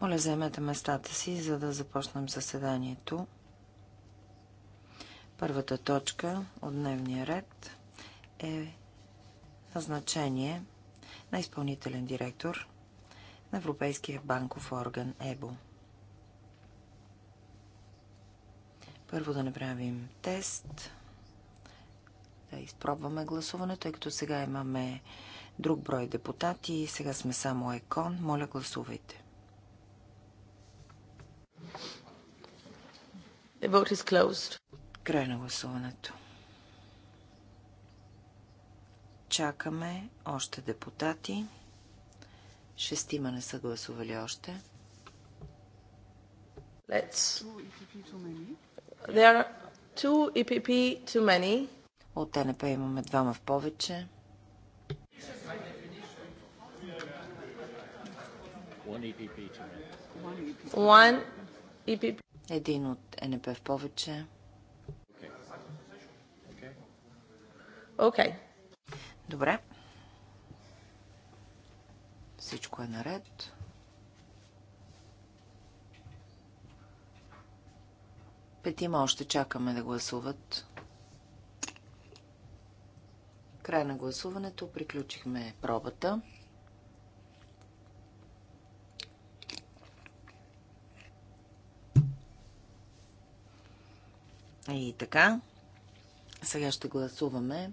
Моля, заемете местата си, за да започнем заседанието. Първата точка от дневния ред е назначение на изпълнителен директор на Европейския банков орган ЕБО. Първо да направим тест, да изпробваме гласуването, тъй като сега имаме друг брой депутати. Сега сме само ЕКОН. Моля, гласувайте. The vote is closed. Край на гласуването. Чакаме още депутати. Шестима не са гласували още. Let's... There are two EPP too many. От ТНП имаме двама в повече. E e Един от НП в повече. Окей. Okay. Добре. Всичко е наред. Петима още чакаме да гласуват. Край на гласуването. Приключихме пробата. И така, сега ще гласуваме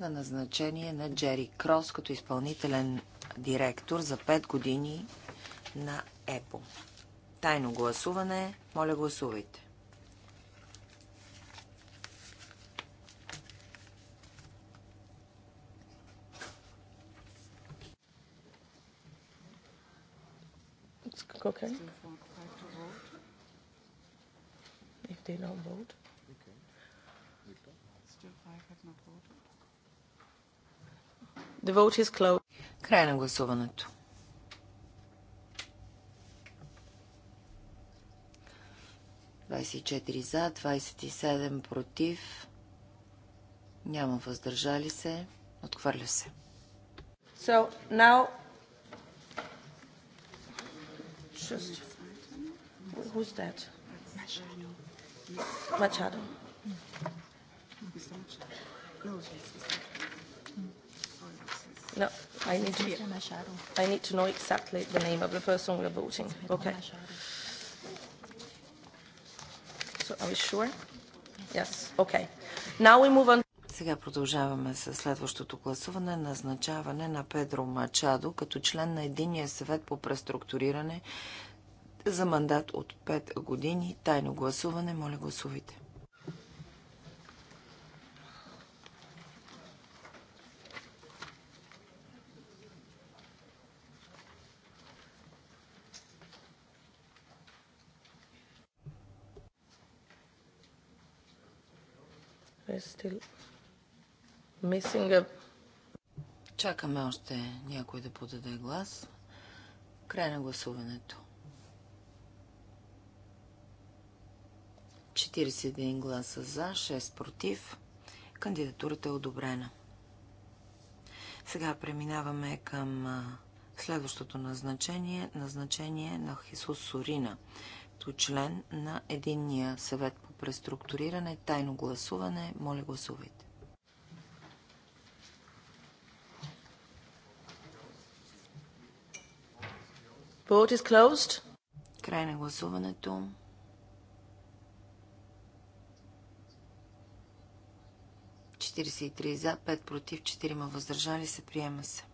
на назначение на Джери Крос като изпълнителен директор за 5 години на ЕПО. Тайно гласуване. Моля, гласувайте. Cochran? If they don't vote. Okay. Still five have not voted. The vote is closed. Край на гласуването. Двадесет за, 27 против, няма въздържали се, отхвърля се. So now just who's that? Machado. No, I need to. I need to know exactly the name of the person we are voting. Okay. So are we sure? Yes. Okay. Now we move on. Сега продължаваме с следващото гласуване назначаване на Педро Мачадо като член на Единия съвет по преструктуриране за мандат от 5 години. Тайно гласуване. Моля гласувайте. still е, Мисинга. Чакаме още някой да подаде глас. Край на гласуването. 41 гласа за, 6 против. Кандидатурата е одобрена. Сега преминаваме към следващото назначение, назначение на Хисус Сорина, като е член на Единния съвет по преструктуриране, тайно гласуване. Моля гласувайте. Vote is closed. Край на гласуването. за, 5 против, 4 въздържали се, приема се.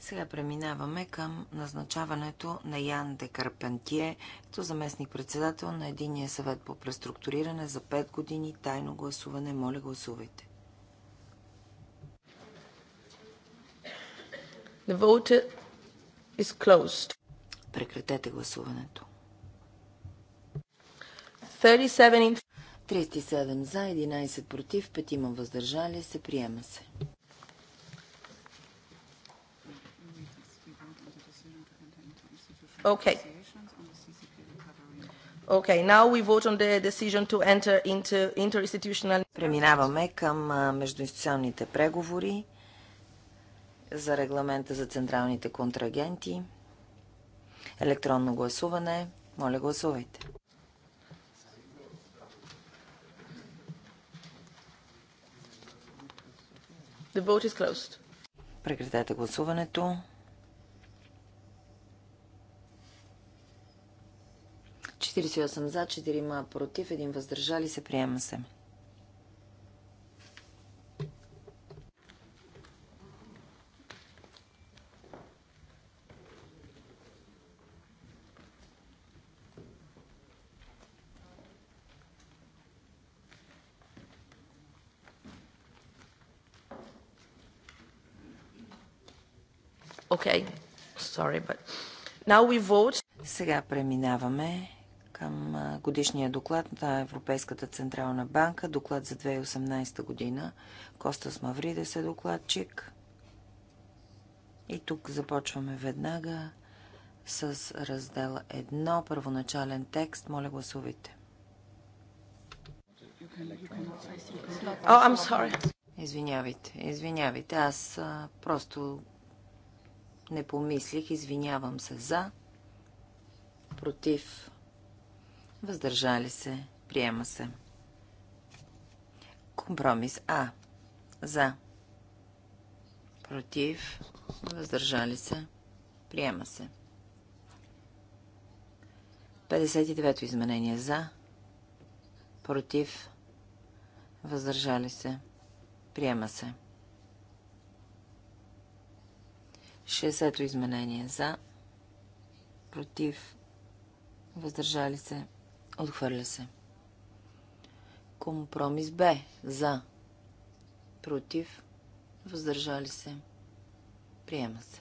Сега преминаваме към назначаването на Ян де Карпентие като заместник-председател на Единия съвет по преструктуриране за 5 години тайно гласуване. Моля, гласувайте. The vote is closed. Прекратете гласуването. 37 за, 11 против, 5 има въздържали се, приема се. Okay. Okay, now we vote on the decision to enter into interinstitutional... Преминаваме към междуинституционните преговори за регламента за централните контрагенти. Електронно гласуване. Моля, гласувайте. The vote is closed. Прекратете гласуването. 48 за, 4 против, 1 въздържали се, приема се. Okay. Sorry, but now we vote. Сега преминаваме към годишния доклад на Европейската Централна банка, доклад за 2018 година. Костас Мавридес е докладчик. И тук започваме веднага с раздел 1, първоначален текст. Моля, гласувайте. Oh, I'm sorry. Извинявайте, извинявайте. Аз а, просто не помислих, извинявам се за. Против. Въздържали се. Приема се. Компромис А. За. Против. Въздържали се. Приема се. 59-то изменение за. Против. Въздържали се. Приема се. 60-то изменение за, против, въздържали се, отхвърля се. Компромис Б за, против, въздържали се, приема се.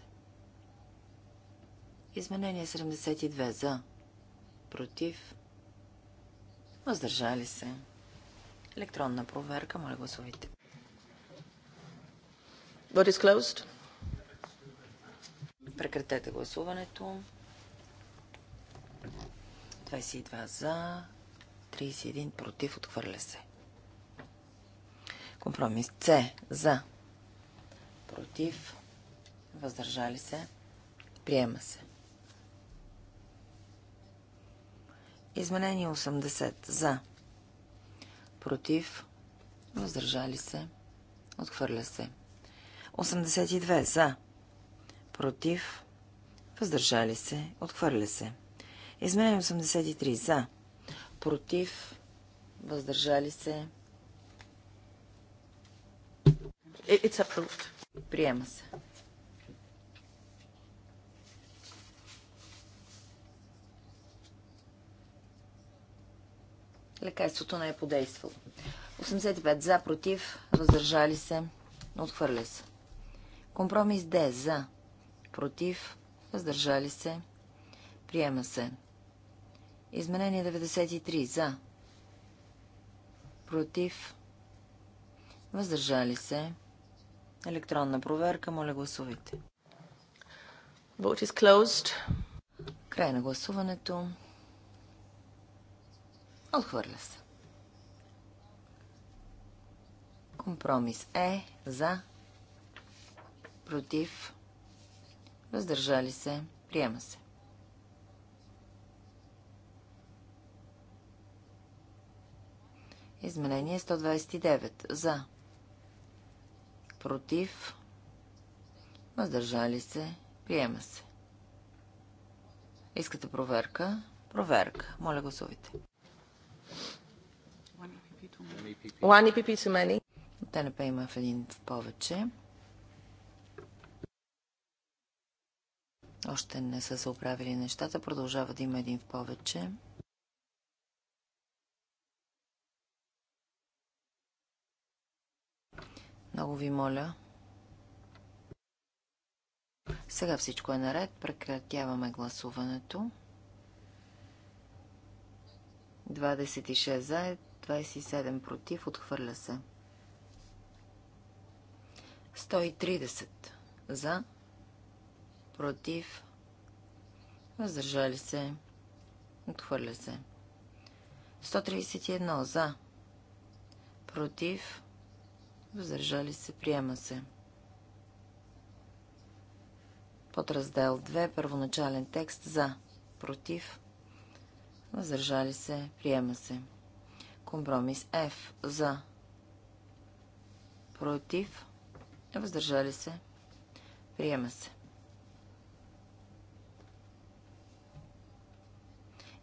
Изменение 72 за, против, въздържали се. Електронна проверка, моля гласувайте. What is closed? Прекратете гласуването. 22 за, 31 против, отхвърля се. Компромис С за, против, въздържали се, приема се. Изменение 80 за, против, въздържали се, отхвърля се. 82 за, против, въздържали се, отхвърля се. Изменение 83 за, против, въздържали се. It's approved. Приема се. Лекарството не е подействало. 85 за, против, въздържали се, отхвърля се. Компромис Д за, против, въздържали се, приема се. Изменение 93 за, против, въздържали се. Електронна проверка, моля гласувайте. Vote is closed. Край на гласуването. Отхвърля се. Компромис е за, против, Въздържали се. Приема се. Изменение 129. За. Против. Въздържали се. Приема се. Искате проверка? Проверка. Моля гласувайте. One EPP too many. ТНП има в един в повече. Още не са се оправили нещата. Продължава да има един в повече. Много ви моля. Сега всичко е наред. Прекратяваме гласуването. 26 за, 27 против. Отхвърля се. 130 за, против, въздържали се, отхвърля се. 131 за, против, въздържали се, приема се. Под раздел 2, първоначален текст за, против, въздържали се, приема се. Компромис F за, против, въздържали се, приема се.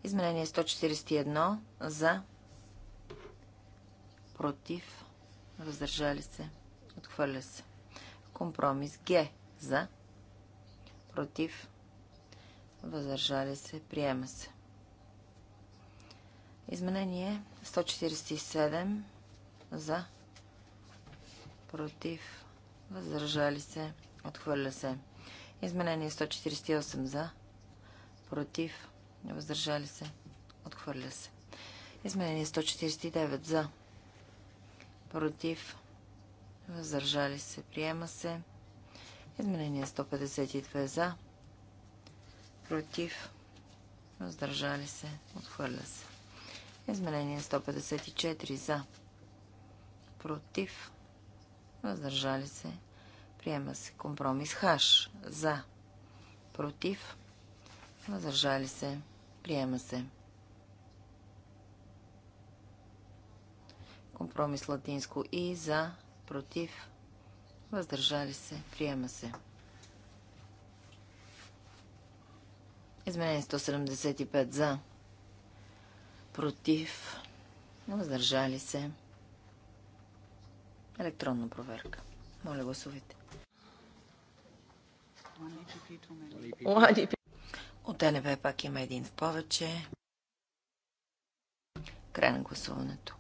Изменение 141 за, против, въздържали се, отхвърля се. Компромис Г за, против, въздържали се, приема се. Изменение 147 за, против, въздържали се, отхвърля се. Изменение 148 за, против, Въздържали се. Отхвърля се. Изменение 149 за. Против. Въздържали се. Приема се. Изменение 152 за. Против. Въздържали се. Отхвърля се. Изменение 154 за. Против. Въздържали се. Приема се. Компромис хаш. За. Против. Въздържали се. Приема се. Компромис латинско и за, против, въздържали се, приема се. Изменение 175 за, против, въздържали се. Електронна проверка. Моля, гласувайте. Лади от ДНБ пак има един в повече. Край на гласуването.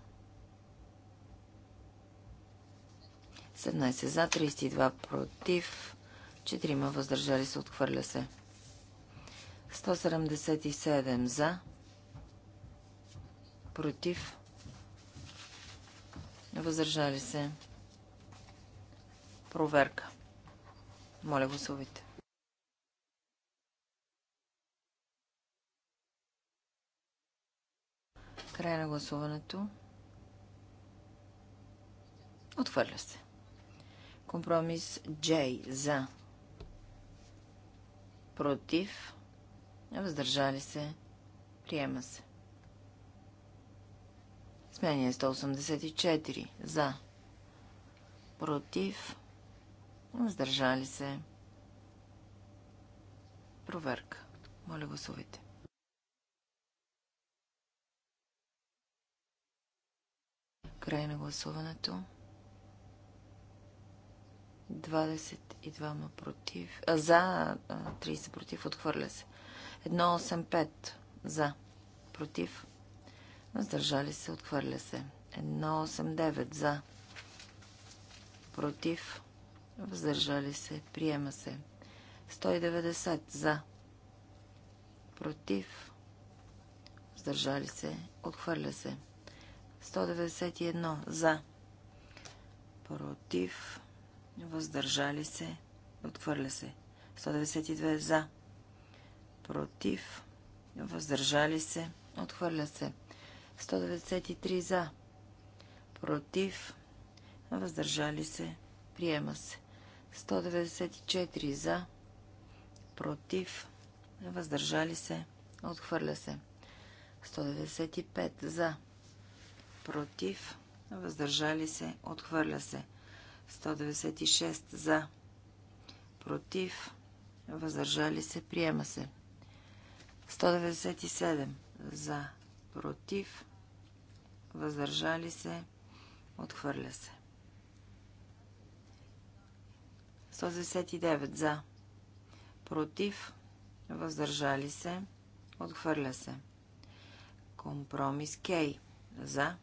17 за, 32 против, 4 въздържали се, отхвърля се. 177 за, против, въздържали се. Проверка. Моля, гласувайте. Край на гласуването. Отхвърля се. Компромис J за. Против. Въздържали се. Приема се. Смение 184. За. Против. Въздържали се. Проверка. Моля гласувайте. Край на гласуването. 22 против. А, за 30 против. Отхвърля се. 185 за. Против. Въздържали се. Отхвърля се. 189 за. Против. Въздържали се. Приема се. 190 за. Против. Въздържали се. Отхвърля се. 191 за. Против. Въздържали се. Отхвърля се. 192 за. Против. Въздържали се. Отхвърля се. 193 за. Против. Въздържали се. Приема се. 194 за. Против. Въздържали се. Отхвърля се. 195 за против, въздържали се, отхвърля се. 196 за, против, въздържали се, приема се. 197 за, против, въздържали се, отхвърля се. 169 за, против, въздържали се, отхвърля се. Компромис Кей за,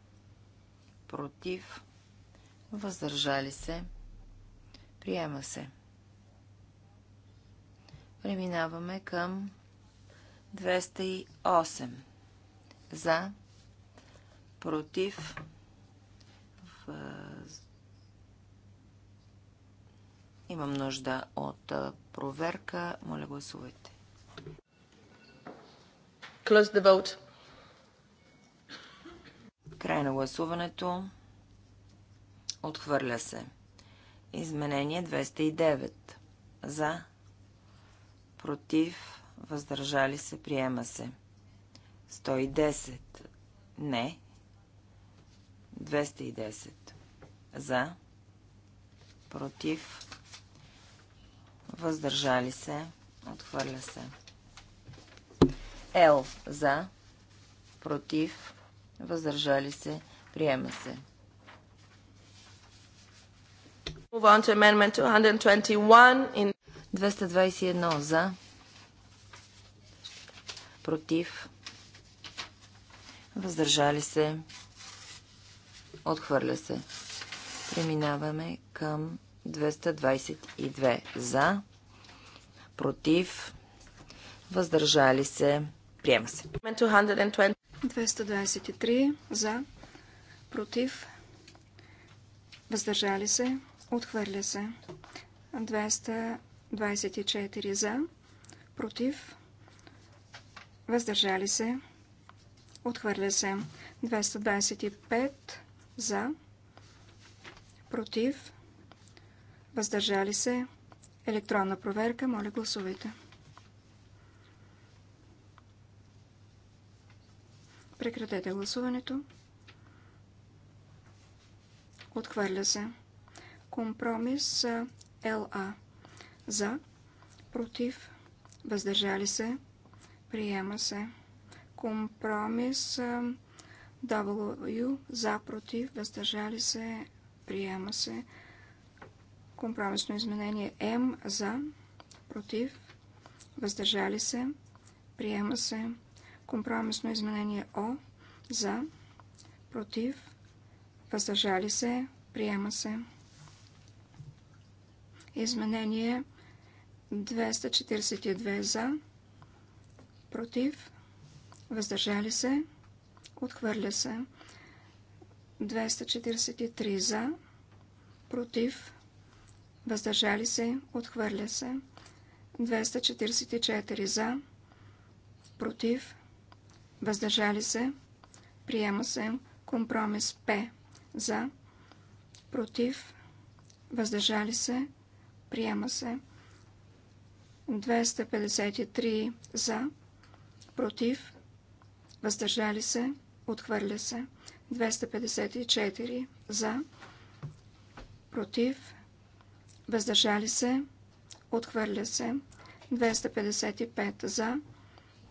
против, въздържали се, приема се. Преминаваме към 208. За, против, въз... имам нужда от проверка. Моля, гласувайте. Close the vote. Край на гласуването. Отхвърля се. Изменение 209. За. Против. Въздържали се. Приема се. 110. Не. 210. За. Против. Въздържали се. Отхвърля се. Л. За. Против въздържали се, приема се. Move on to amendment 221 in 221 за, против, въздържали се, отхвърля се. Преминаваме към 222 за, против, въздържали се, приема се. 220. 223 за, против, въздържали се, отхвърля се. 224 за, против, въздържали се, отхвърля се. 225 за, против, въздържали се. Електронна проверка, моля гласувайте. Прекратете гласуването. Отхвърля се. Компромис ЛА. За. Против. Въздържали се. Приема се. Компромис W. За. Против. Въздържали се. Приема се. Компромисно изменение М. За. Против. Въздържали се. Приема се. Компромисно изменение О за, против, въздържали се, приема се. Изменение 242 за, против, въздържали се, отхвърля се. 243 за, против, въздържали се, отхвърля се. 244 за, против, въздържали се, приема се компромис П за, против, въздържали се, приема се 253 за, против, въздържали се, отхвърля се 254 за, против, въздържали се, отхвърля се 255 за,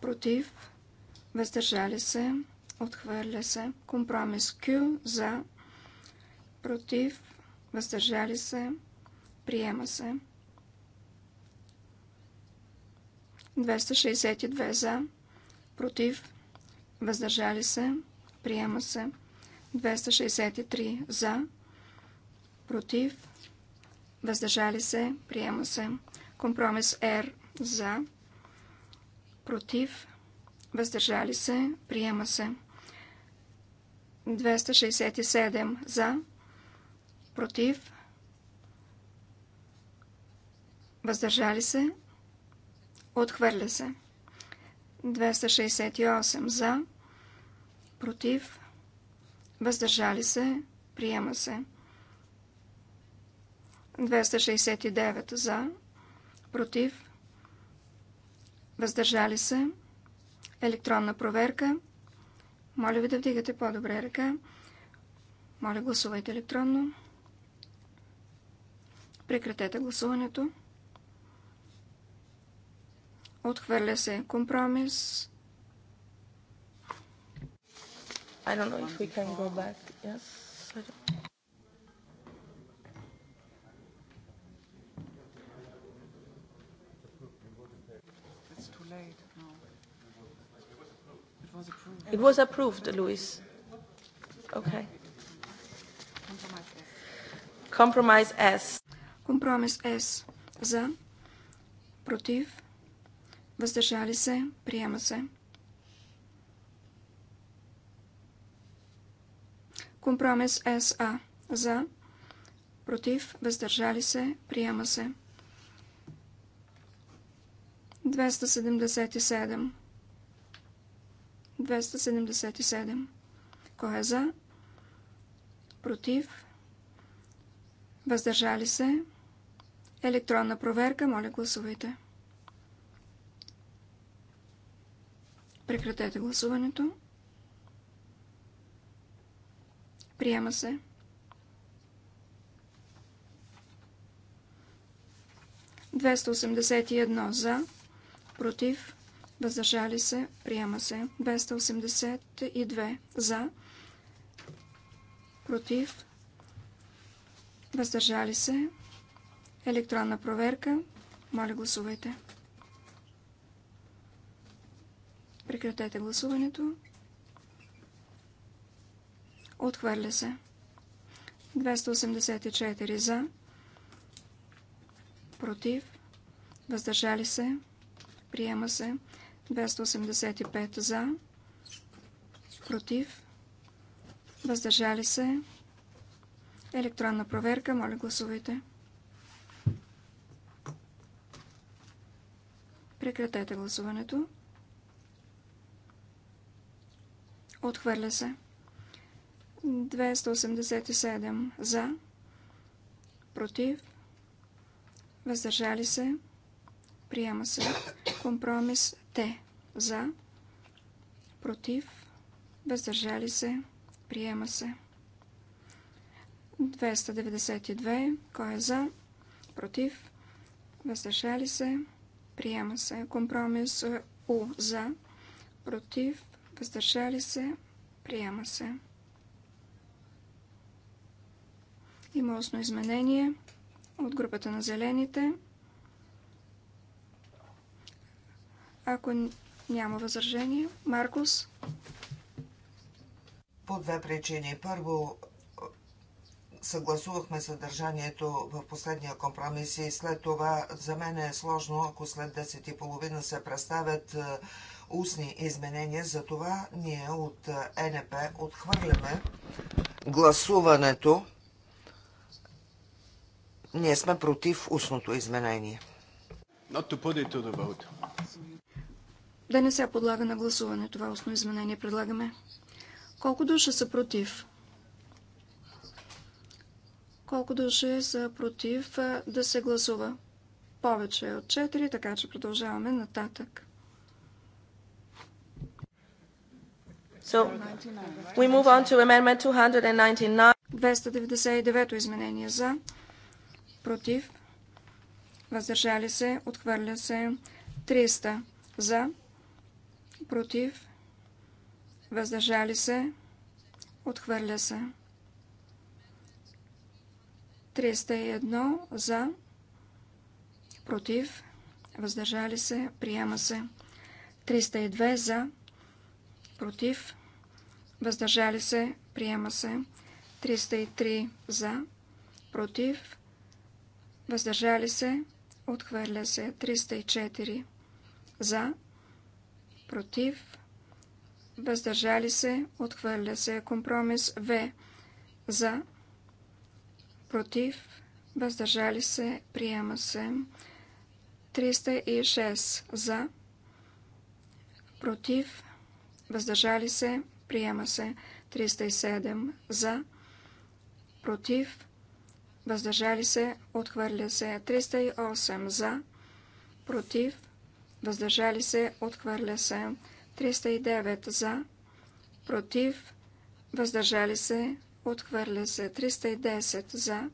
против, въздържали се, отхвърля се. Компромис Q за, против, въздържали се, приема се. 262 за, против, въздържали се, приема се. 263 за, против, въздържали се, приема се. Компромис R за, против, въздържали се, приема се. 267 за, против, въздържали се, отхвърля се. 268 за, против, въздържали се, приема се. 269 за, против, въздържали се, електронна проверка. Моля ви да вдигате по-добре ръка. Моля, гласувайте електронно. Прекратете гласуването. Отхвърля се компромис. I don't know if we can go back. Yes. I don't... It was approved, Luis. Okay. Compromise S. Компромис С. За. Против. Въздържали се. Приема се. Компромис СА. За. Против. Въздържали се. Приема се. 277. 277. Кой е за? Против? Въздържали се? Електронна проверка. Моля, гласувайте. Прекратете гласуването. Приема се. Двеста за, против, въздържали се, приема се. 282 за, против, въздържали се, електронна проверка. Моля, гласувайте. Прекратете гласуването. Отхвърля се. 284 за, против, въздържали се, приема се. 285 за, против, въздържали се. Електронна проверка, моля гласувайте. Прекратете гласуването. Отхвърля се. 287 за, против, въздържали се, приема се. Компромис те За. Против. Въздържали се. Приема се. 292. Кой е за? Против. Въздържали се. Приема се. Компромис е, У. За. Против. Въздържали се. Приема се. Има осно изменение от групата на зелените. Ако няма възражение, Маркус? По две причини. Първо, съгласувахме съдържанието в последния компромис и след това за мен е сложно, ако след 10 и половина се представят е, устни изменения, За това ние от е, НП отхвърляме гласуването. Ние сме против устното изменение. Not to put it to the vote да не се подлага на гласуване. Това устно изменение предлагаме. Колко души са против? Колко души са против да се гласува? Повече от 4, така че продължаваме нататък. So, we move on to amendment 299. 299 изменение за, против, въздържали се, отхвърля се, 300 за, против, въздържали се, отхвърля се. 301 за, против, въздържали се, приема се. 302 за, против, въздържали се, приема се. 303 за, против, въздържали се, отхвърля се. 304 за, против, въздържали се, отхвърля се. Компромис В за, против, въздържали се, приема се. 306 за, против, въздържали се, приема се. 307 за, против, въздържали се, отхвърля се. 308 за, против, въздържали се, отхвърля се. 309 за, против, въздържали се, отхвърля се. 310 за,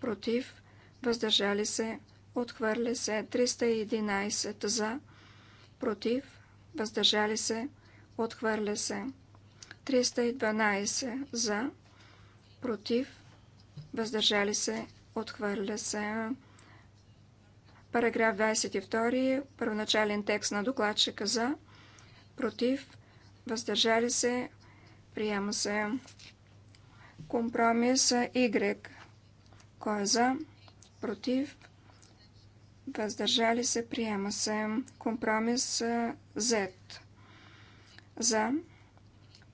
против, въздържали се, отхвърля се. 311 за, против, въздържали се, отхвърля се. 312 за, против, въздържали се, отхвърля се. Параграф 22. Първоначален текст на докладчика за. Против. Въздържали се. Приема се. Компромис Y. Кой е за? Против. Въздържали се. Приема се. Компромис Z. За.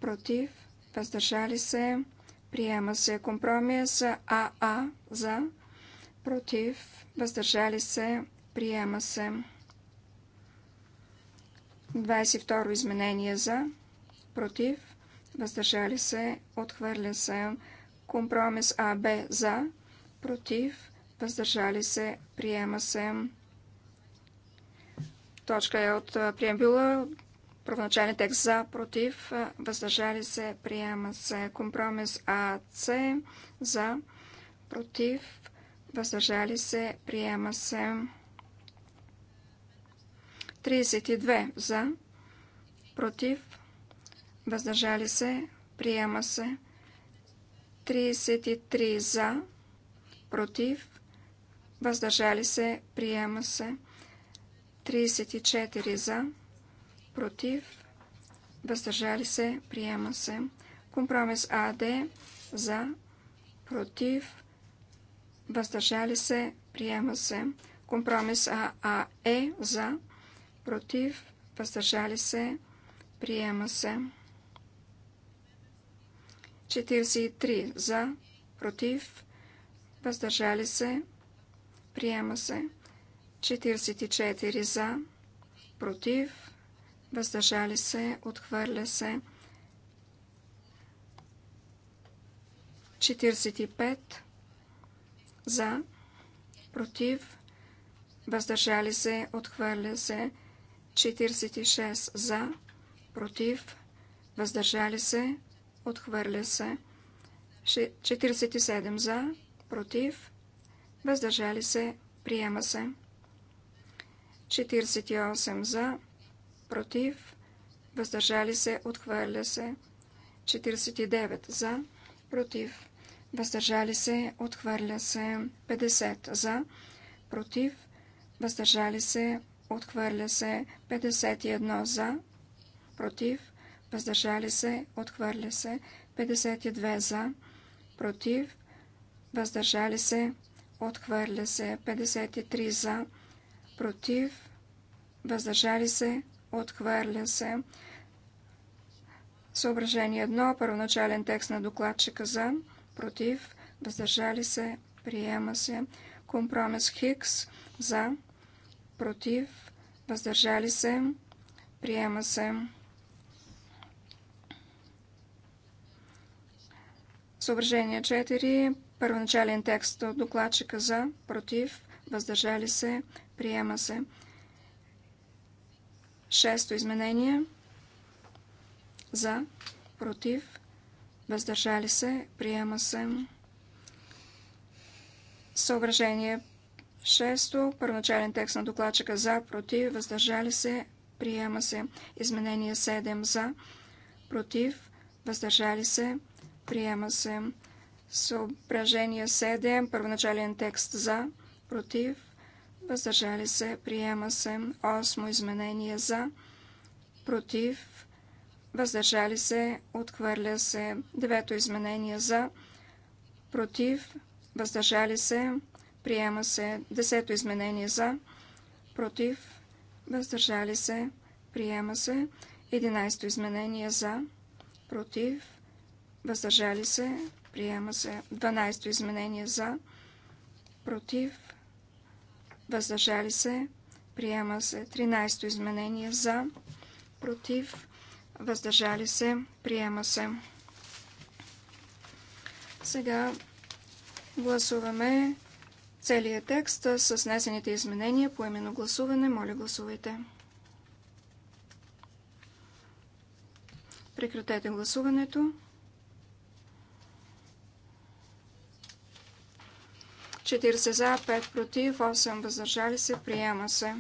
Против. Въздържали се. Приема се. Компромис АА. За против, въздържали се, приема се. 22 изменение за, против, въздържали се, отхвърля се. Компромис АБ за, против, въздържали се, приема се. Точка е от приембила, правоначален текст за, против, въздържали се, приема се. Компромис АЦ за, против, въздържали се, приема се. 32 за, против, въздържали се, приема се. 33 за, против, въздържали се, приема се. 34 за, против, въздържали се, приема се. Компромис АД за, против, въздържали се, приема се. Компромис ААЕ за, против, въздържали се, приема се. 43 за, против, въздържали се, приема се. 44 за, против, въздържали се, отхвърля се. 45 за, против, въздържали се, отхвърля се, 46 за, против, въздържали се, отхвърля се, 47 за, против, въздържали се, приема се, 48 за, против, въздържали се, отхвърля се, 49 за, против, въздържали се, отхвърля се 50 за, против, въздържали се, отхвърля се 51 за, против, въздържали се, отхвърля се 52 за, против, въздържали се, отхвърля се 53 за, против, въздържали се, отхвърля се. Съображение 1, първоначален текст на докладчика за, против, въздържали се, приема се. Компромис Хикс за, против, въздържали се, приема се. Съображение 4. Първоначален текст от докладчика за, против, въздържали се, приема се. Шесто изменение за, против, въздържали се, приема се. Съображение 6. Първоначален текст на докладчика за, против, въздържали се, приема се. Изменение 7 за, против, въздържали се, приема се. Съображение 7. Първоначален текст за, против, въздържали се, приема се. 8, изменение за, против, въздържали се, отхвърля се. Девето изменение за, против, въздържали се, приема се. Десето изменение за, против, въздържали се, приема се. Единайсто изменение за, против, въздържали се, приема се. Дванайсто изменение за, против, въздържали се, приема се. Тринайсто изменение за, против, въздържали се, приема се. Сега гласуваме целият текст с внесените изменения по именно гласуване. Моля, гласувайте. Прекратете гласуването. 40 за, 5 против, 8 въздържали се, приема се.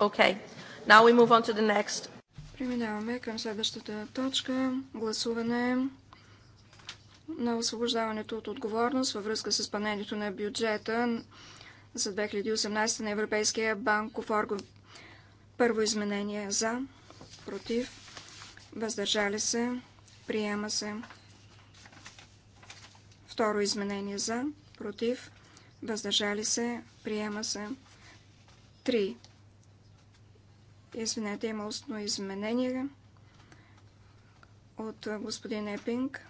Okay. Now we move on to the next. Преминаваме към следващата точка. Гласуване на освобождаването от отговорност във връзка с изпълнението на бюджета за 2018 на Европейския банков орган. Първо изменение за, против, въздържали се, приема се. Второ изменение за, против, въздържали се, приема се. Три. Извинете, има устно изменение от господин Епинг.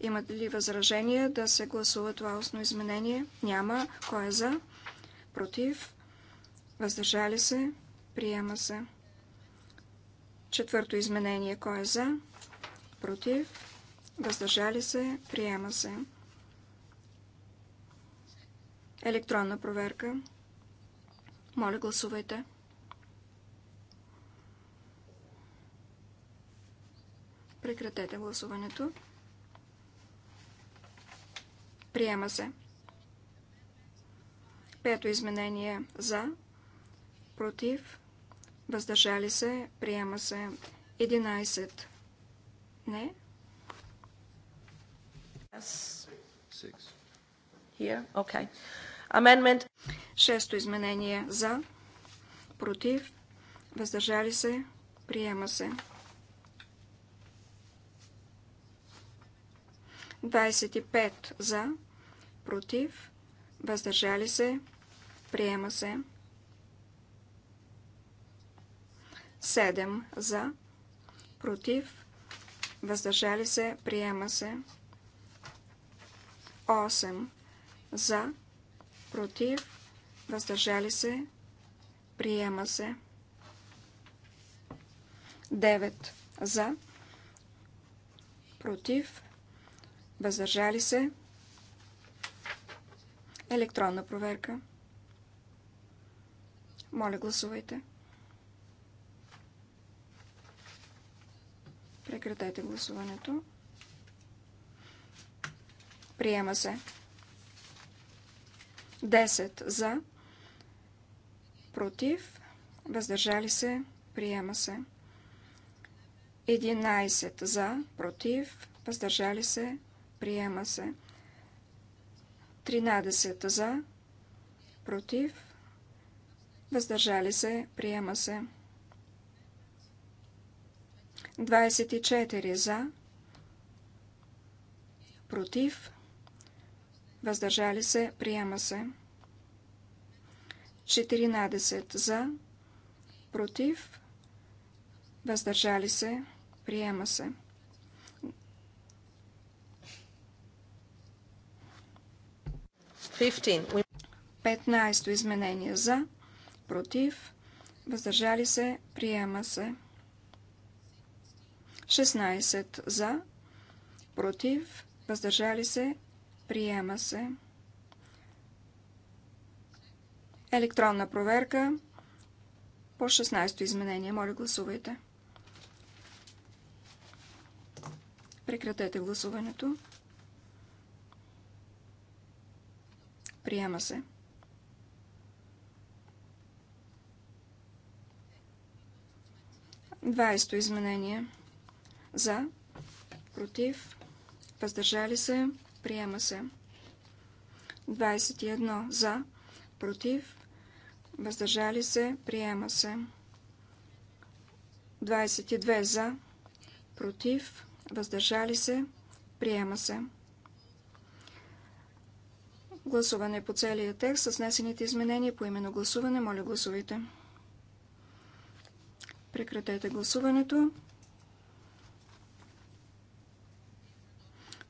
Имат ли възражение да се гласува това устно изменение? Няма. Кой е за? Против? Въздържали се? Приема се. Четвърто изменение. Кой е за? Против? Въздържали се? Приема се. Електронна проверка. Моля, гласувайте. Прекратете гласуването. Приема се. Пето изменение за, против, въздържали се, приема се. 11. Не. Yes. Here, okay. Amendment. Шесто изменение за, против, въздържали се, приема се. 25 за, против, въздържали се, приема се. 7 за, против, въздържали се, приема се. 8 за, против, въздържали се, приема се. 9 за, против, въздържали се, електронна проверка. Моля, гласувайте. Прекратете гласуването. Приема се. 10 за, против, въздържали се, приема се. 11 за, против, въздържали се, Приема се. 13 за. Против. Въздържали се. Приема се. 24 за. Против. Въздържали се. Приема се. 14 за. Против. Въздържали се. Приема се. 15 изменение за, против, въздържали се, приема се. 16 за, против, въздържали се, приема се. Електронна проверка по 16-то изменение. Моля, гласувайте. Прекратете гласуването. Приема се. Двайсто изменение. За. Против. Въздържали се. Приема се. 21. За. Против. Въздържали се. Приема се. 22. За. Против. Въздържали се. Приема се. Гласуване по целия текст с несените изменения по именно гласуване. Моля гласувайте. Прекратете гласуването.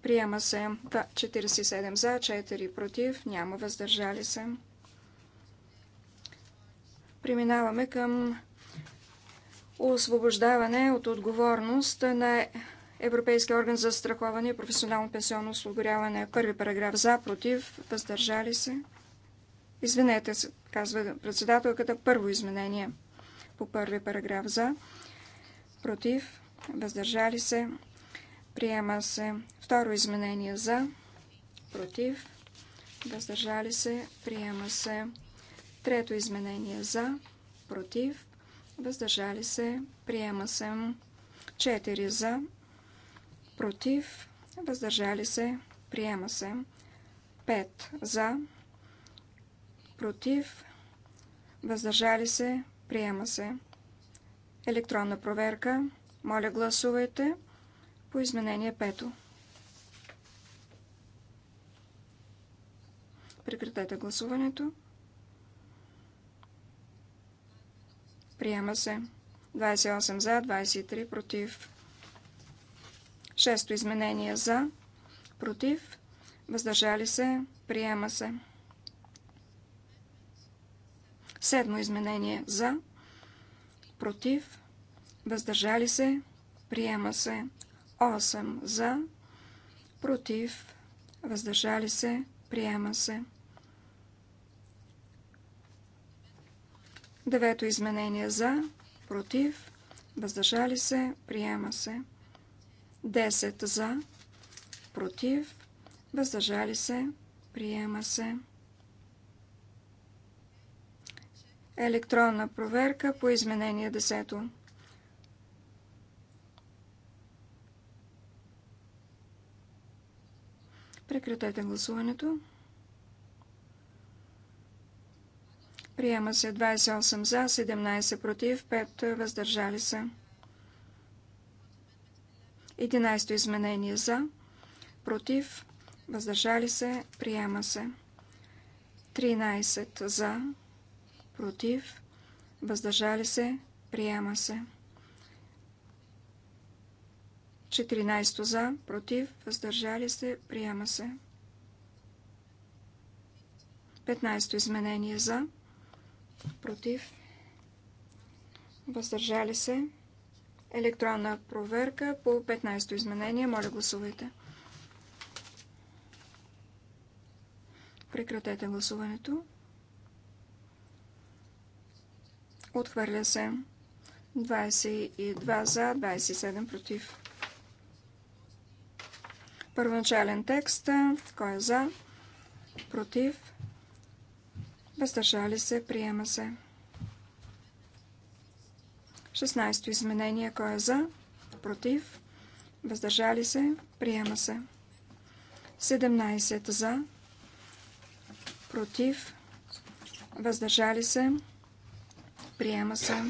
Приема се 47 за, 4 против, няма въздържали се. Преминаваме към освобождаване от отговорност на Европейския орган за страховане и професионално пенсионно осигуряване. Първи параграф за, против, въздържали се. Извинете, казва председателката, първо изменение по първи параграф за, против, въздържали се, приема се. Второ изменение за, против, въздържали се, приема се. Трето изменение за, против, въздържали се, приема се. четири за, против, въздържали се, приема се. 5 за, против, въздържали се, приема се. Електронна проверка. Моля гласувайте по изменение 5. Прекратете гласуването. Приема се. 28 за, 23 против. Шесто изменение за, против, въздържали се, приема се. Седмо изменение за, против, въздържали се, приема се. 8 за, против, въздържали се, приема се. Девето изменение за, против, въздържали се, приема се. 10 за, против, въздържали се, приема се. Електронна проверка по изменение 10. Прекратете гласуването. Приема се 28 за, 17 против, 5 въздържали се. 11 изменение за, против, въздържали се, приема се. 13 за, против, въздържали се, приема се. 14 за, против, въздържали се, приема се. 15 изменение за, против, въздържали се, приема се електронна проверка по 15-то изменение. Моля, гласувайте. Прекратете гласуването. Отхвърля се. 22 за, 27 против. Първоначален текст. Кой е за? Против. Въздържали се. Приема се. 16-то изменение. Кой е за? Против. Въздържали се. Приема се. 17 за. Против. Въздържали се. Приема се.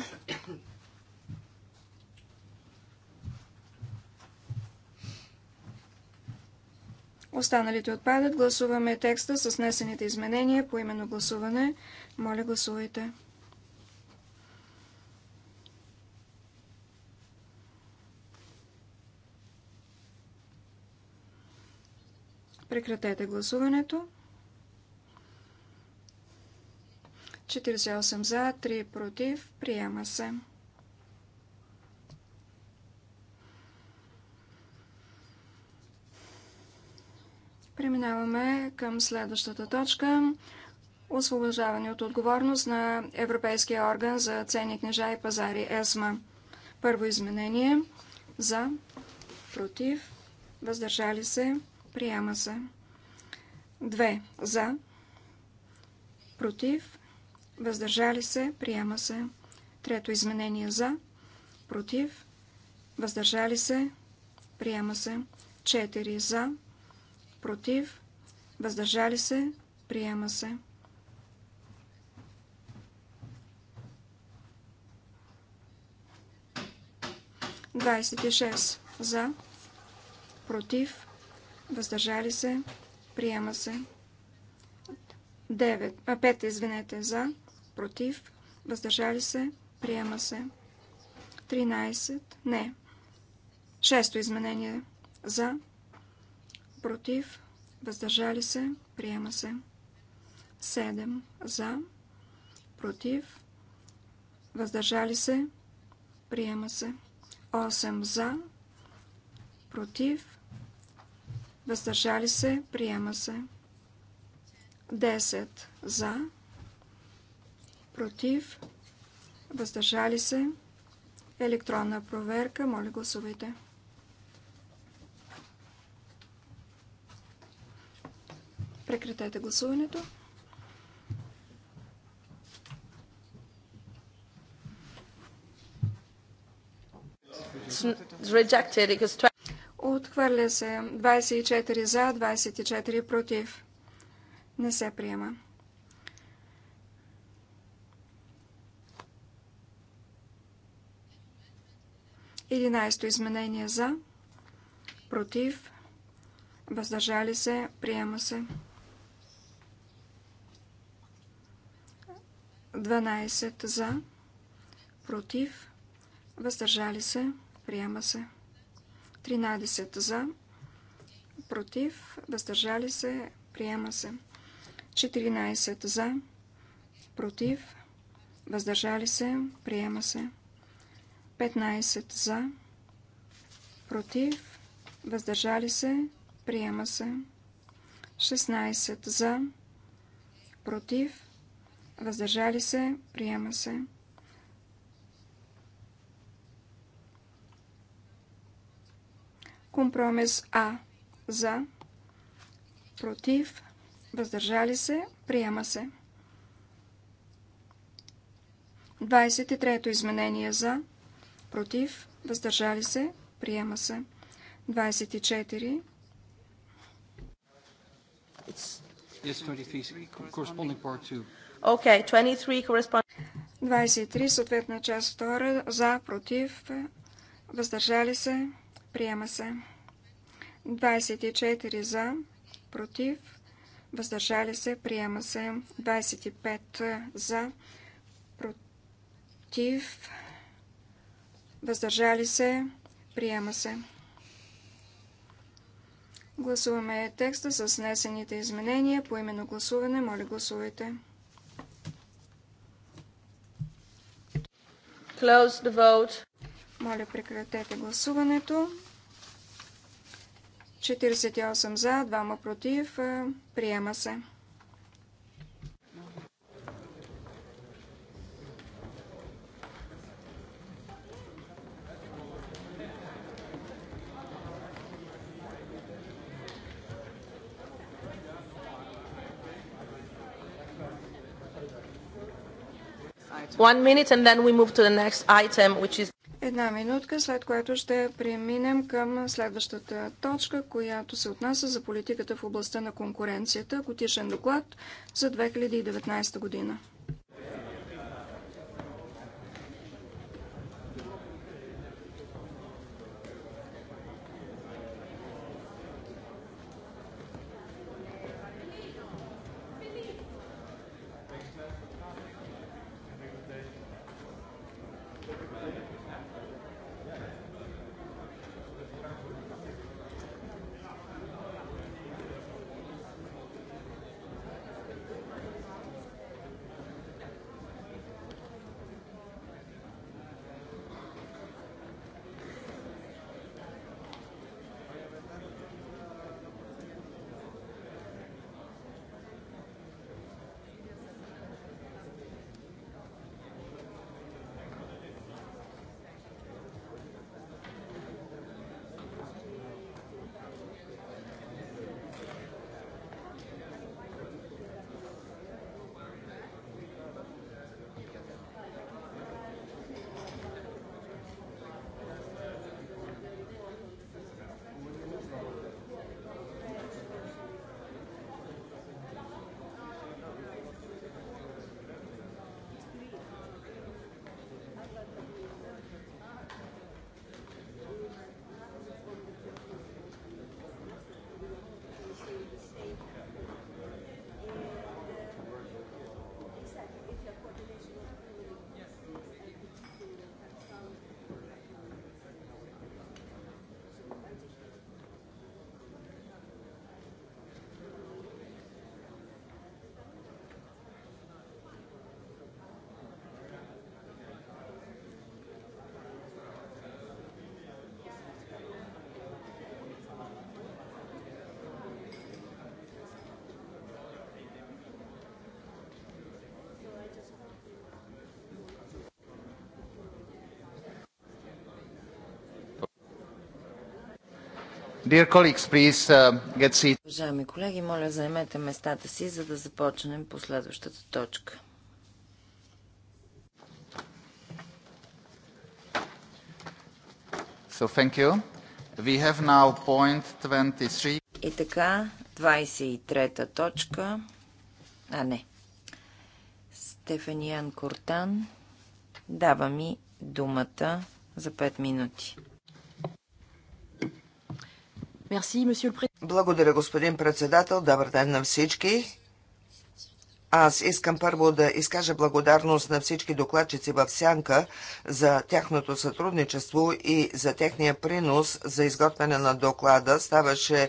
Останалите отпадат. Гласуваме текста с несените изменения по именно гласуване. Моля, гласувайте. Прекратете гласуването. 48 за, 3 против. Приема се. Преминаваме към следващата точка. Освобождаване от отговорност на Европейския орган за ценни книжа и пазари ЕСМА. Първо изменение за, против, въздържали се, Приема се. 2. За. Против. Въздържали се. Приема се. Трето изменение за. Против. Въздържали се. Приема се. 4. За. Против. Въздържали се. Приема се. Двадесет и шест. За. Против въздържали се, приема се. 9, а 5, извинете, за, против, въздържали се, приема се. 13, не. Шесто изменение за, против, въздържали се, приема се. 7 за, против, въздържали се, приема се. 8 за, против, въздържали се, приема се. 10 за, против, въздържали се, електронна проверка, моля гласувайте. Прекратете гласуването. Rejected because Отхвърля се 24 за, 24 против. Не се приема. Единайсто изменение за, против, въздържали се, приема се. 12 за, против, въздържали се, приема се. 13 за, против, въздържали се, приема се. 14 за, против, въздържали се, приема се. 15 за, против, въздържали се, приема се. 16 за, против, въздържали се, приема се. Компромис А за, против, въздържали се, приема се. 23-то изменение за, против, въздържали се, приема се. 24. Yes, 23 corresponding part 2. Okay, 23 corresponding 23, съответна част 2, за, против, въздържали се, Приема се. 24 за, против, въздържали се, приема се. 25 за, против, въздържали се, приема се. Гласуваме текста с внесените изменения. По именно гласуване, моля гласувайте. Close the vote. Моля, прекратете гласуването. 48 за, 2 против. Приема се. One minute and then we move to the next item, which is една минутка, след което ще преминем към следващата точка, която се отнася за политиката в областта на конкуренцията, Готишен доклад за 2019 година. Dear colleagues, please uh, get seat. Уважаеми колеги, моля заемете местата си, за да започнем по следващата точка. So thank you. We have now point 23. И така, 23-та точка. А, не. Стефаниан Кортан дава ми думата за 5 минути. Благодаря, господин председател. Добър ден на всички. Аз искам първо да изкажа благодарност на всички докладчици в Сянка за тяхното сътрудничество и за техния принос за изготвяне на доклада. Ставаше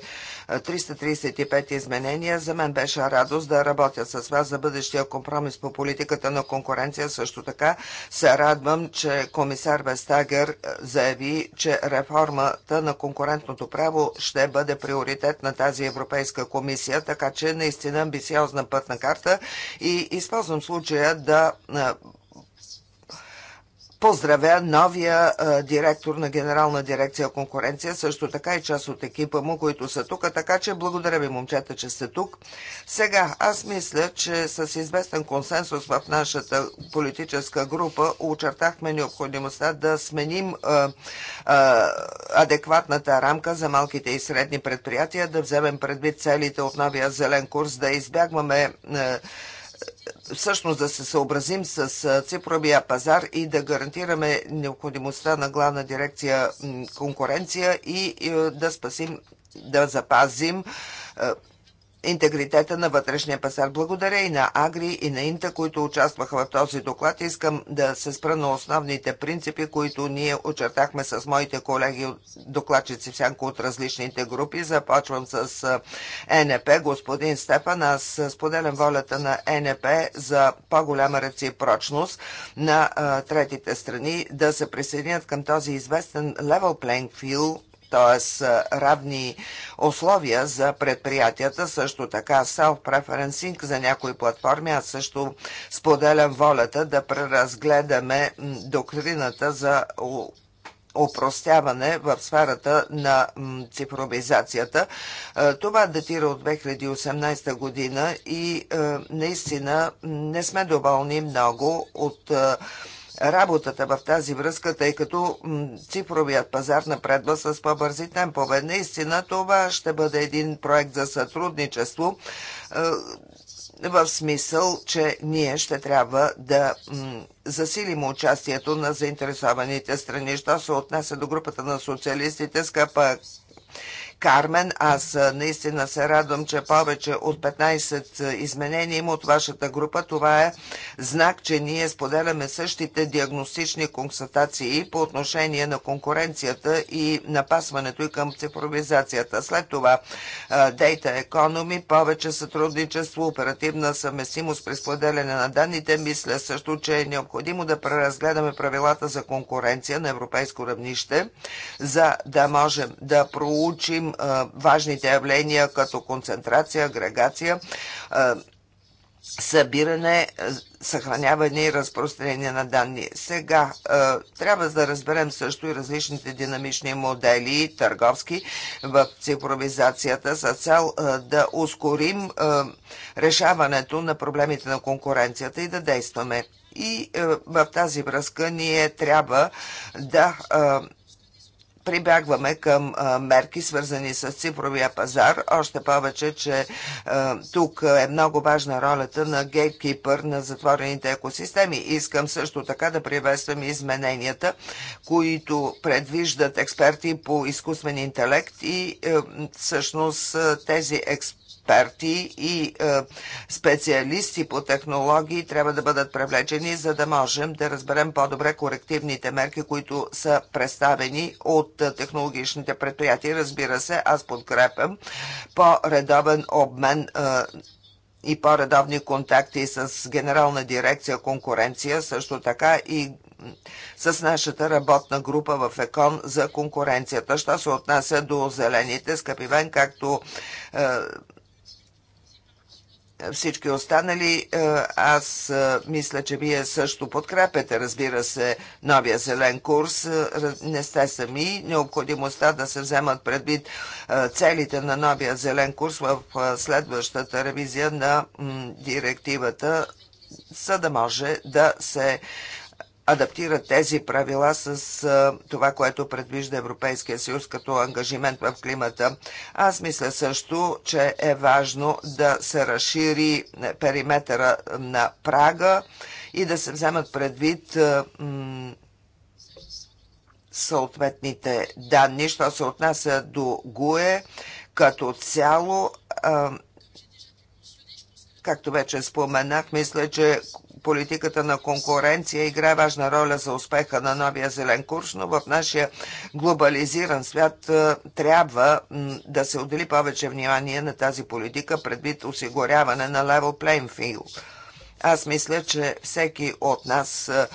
335 изменения. За мен беше радост да работя с вас за бъдещия компромис по политиката на конкуренция. Също така се радвам, че комисар Вестагер заяви, че реформата на конкурентното право ще бъде приоритет на тази Европейска комисия, така че наистина амбициозна пътна карта – и използвам случая да поздравя новия а, директор на Генерална дирекция конкуренция, също така и част от екипа му, които са тук. Така че благодаря ви, момчета, че сте тук. Сега, аз мисля, че с известен консенсус в нашата политическа група очертахме необходимостта да сменим а, а, адекватната рамка за малките и средни предприятия, да вземем предвид целите от новия зелен курс, да избягваме а, всъщност да се съобразим с цифровия пазар и да гарантираме необходимостта на главна дирекция конкуренция и да спасим, да запазим интегритета на вътрешния пазар. Благодаря и на Агри и на Инта, които участваха в този доклад. Искам да се спра на основните принципи, които ние очертахме с моите колеги докладчици всяко от различните групи. Започвам с НП. Господин Стефан, аз споделям волята на НП за по-голяма реципрочност на третите страни да се присъединят към този известен level playing field т.е. равни условия за предприятията, също така self-preferencing за някои платформи. Аз също споделям волята да преразгледаме доктрината за опростяване в сферата на цифровизацията. Това датира от 2018 година и наистина не сме доволни много от работата в тази връзка, тъй като цифровият пазар напредва с по-бързи темпове. Наистина това ще бъде един проект за сътрудничество в смисъл, че ние ще трябва да засилим участието на заинтересованите страни. Що се отнесе до групата на социалистите, скъпа Кармен. Аз наистина се радвам, че повече от 15 изменения има от вашата група. Това е знак, че ние споделяме същите диагностични констатации по отношение на конкуренцията и напасването и към цифровизацията. След това Data Economy, повече сътрудничество, оперативна съвместимост при споделяне на данните. Мисля също, че е необходимо да преразгледаме правилата за конкуренция на европейско равнище, за да можем да проучим намалим важните явления като концентрация, агрегация, събиране, съхраняване и разпространение на данни. Сега трябва да разберем също и различните динамични модели, търговски в цифровизацията, с цел да ускорим решаването на проблемите на конкуренцията и да действаме. И в тази връзка ние трябва да прибягваме към мерки, свързани с цифровия пазар, още повече, че тук е много важна ролята на гейткипър на затворените екосистеми. Искам също така да приветствам измененията, които предвиждат експерти по изкуствен интелект и е, всъщност е, тези експерти експерти и е, специалисти по технологии трябва да бъдат привлечени, за да можем да разберем по-добре корективните мерки, които са представени от е, технологичните предприятия. Разбира се, аз подкрепям по-редовен обмен е, и по-редовни контакти с Генерална дирекция конкуренция, също така и с нашата работна група в ЕКОН за конкуренцията. Що се отнася до зелените, скъпи Вен, както е, всички останали. Е, аз е, мисля, че вие също подкрепяте, разбира се, новия зелен курс. Е, не сте сами. Необходимостта да се вземат предвид целите на новия зелен курс в следващата ревизия на директивата, за да може да се адаптират тези правила с това, което предвижда Европейския съюз като ангажимент в климата. Аз мисля също, че е важно да се разшири е, периметъра на прага и да се вземат предвид е, съответните данни, що се отнася до ГУЕ като цяло. Е, както вече споменах, мисля, че политиката на конкуренция играе важна роля за успеха на новия зелен курс, но в нашия глобализиран свят е, трябва да се отдели повече внимание на тази политика предвид осигуряване на level playing field. Аз мисля, че всеки от нас е,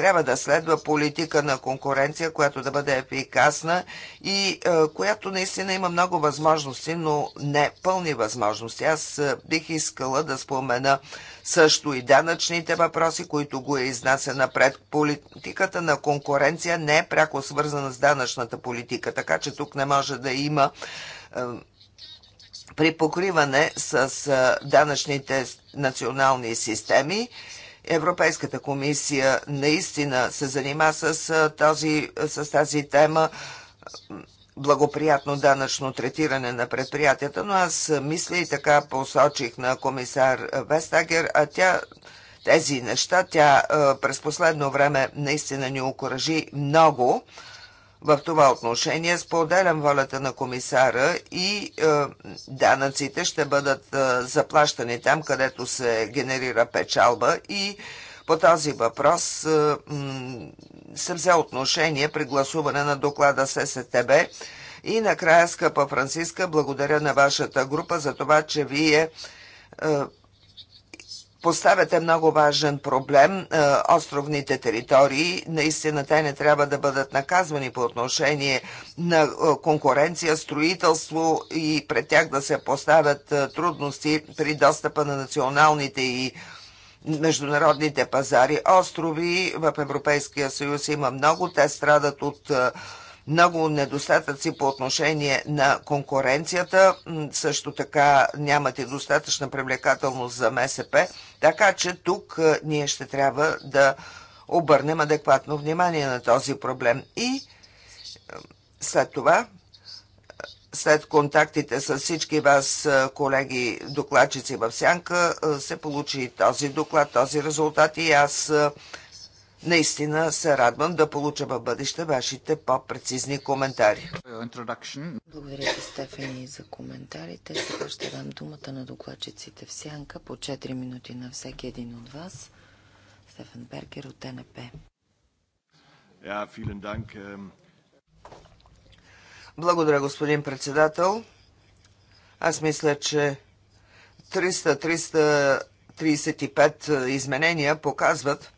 трябва да следва политика на конкуренция, която да бъде ефикасна и е, която наистина има много възможности, но не пълни възможности. Аз е, бих искала да спомена също и данъчните въпроси, които го е изнася напред. Политиката на конкуренция не е пряко свързана с данъчната политика, така че тук не може да има а, е, припокриване с данъчните национални системи Европейската комисия наистина се занима с, този, с тази тема благоприятно данъчно третиране на предприятията, но аз мисля и така посочих на комисар Вестагер, а тя тези неща, тя през последно време наистина ни окоръжи много. В това отношение споделям волята на комисара и е, данъците ще бъдат е, заплащани там, където се генерира печалба и по този въпрос е, се взе отношение при гласуване на доклада ССТБ. И накрая, скъпа Франциска, благодаря на вашата група за това, че вие е, поставяте много важен проблем. Е, островните територии, наистина те не трябва да бъдат наказвани по отношение на е, конкуренция, строителство и пред тях да се поставят е, трудности при достъпа на националните и международните пазари. Острови в Европейския съюз има много. Те страдат от много недостатъци по отношение на конкуренцията, също така нямат и достатъчна привлекателност за МСП, така че тук е, ние ще трябва да обърнем адекватно внимание на този проблем. И е, след това е, след контактите с всички вас, колеги докладчици в Сянка, се получи този доклад, този резултат и аз Наистина се радвам да получа в бъдеще вашите по-прецизни коментари. Благодаря ти, Стефани, за коментарите. Сега ще дам думата на докладчиците в сянка по 4 минути на всеки един от вас. Стефан Беркер от ТНП. Ähm, Благодаря, господин председател. Аз мисля, че 300-335 е, изменения показват,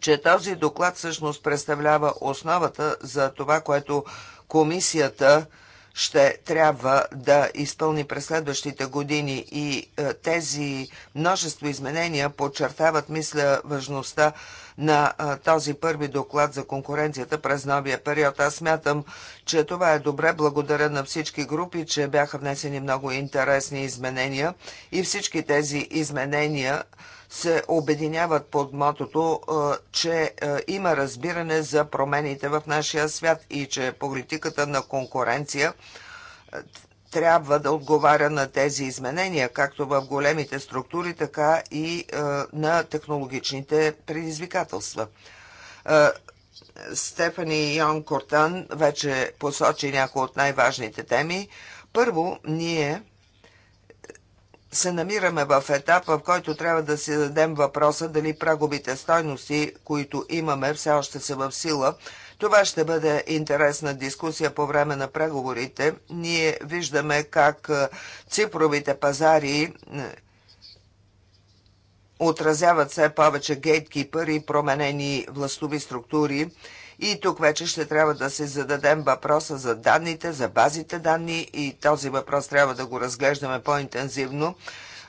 че този доклад всъщност представлява основата за това, което комисията ще трябва да изпълни през следващите години и е, тези множество изменения подчертават, мисля, важността на е, този първи доклад за конкуренцията през новия период. Аз смятам, че това е добре. Благодаря на всички групи, че бяха внесени много интересни изменения и всички тези изменения се обединяват под мотото, е, че е, има разбиране за промените в нашия свят и че политиката на конкуренция е, трябва да отговаря на тези изменения, както в големите структури, така и на технологичните предизвикателства. Стефани Йон Кортан вече посочи някои от най-важните теми. Първо, ние се намираме в етап, в който трябва да си зададем въпроса дали праговите стойности, които имаме, все още са в сила. Това ще бъде интересна дискусия по време на преговорите. Ние виждаме как е, цифровите пазари е, отразяват все повече гейтки, променени властови структури. И тук вече ще трябва да се зададем въпроса за данните, за базите данни и този въпрос трябва да го разглеждаме по-интензивно.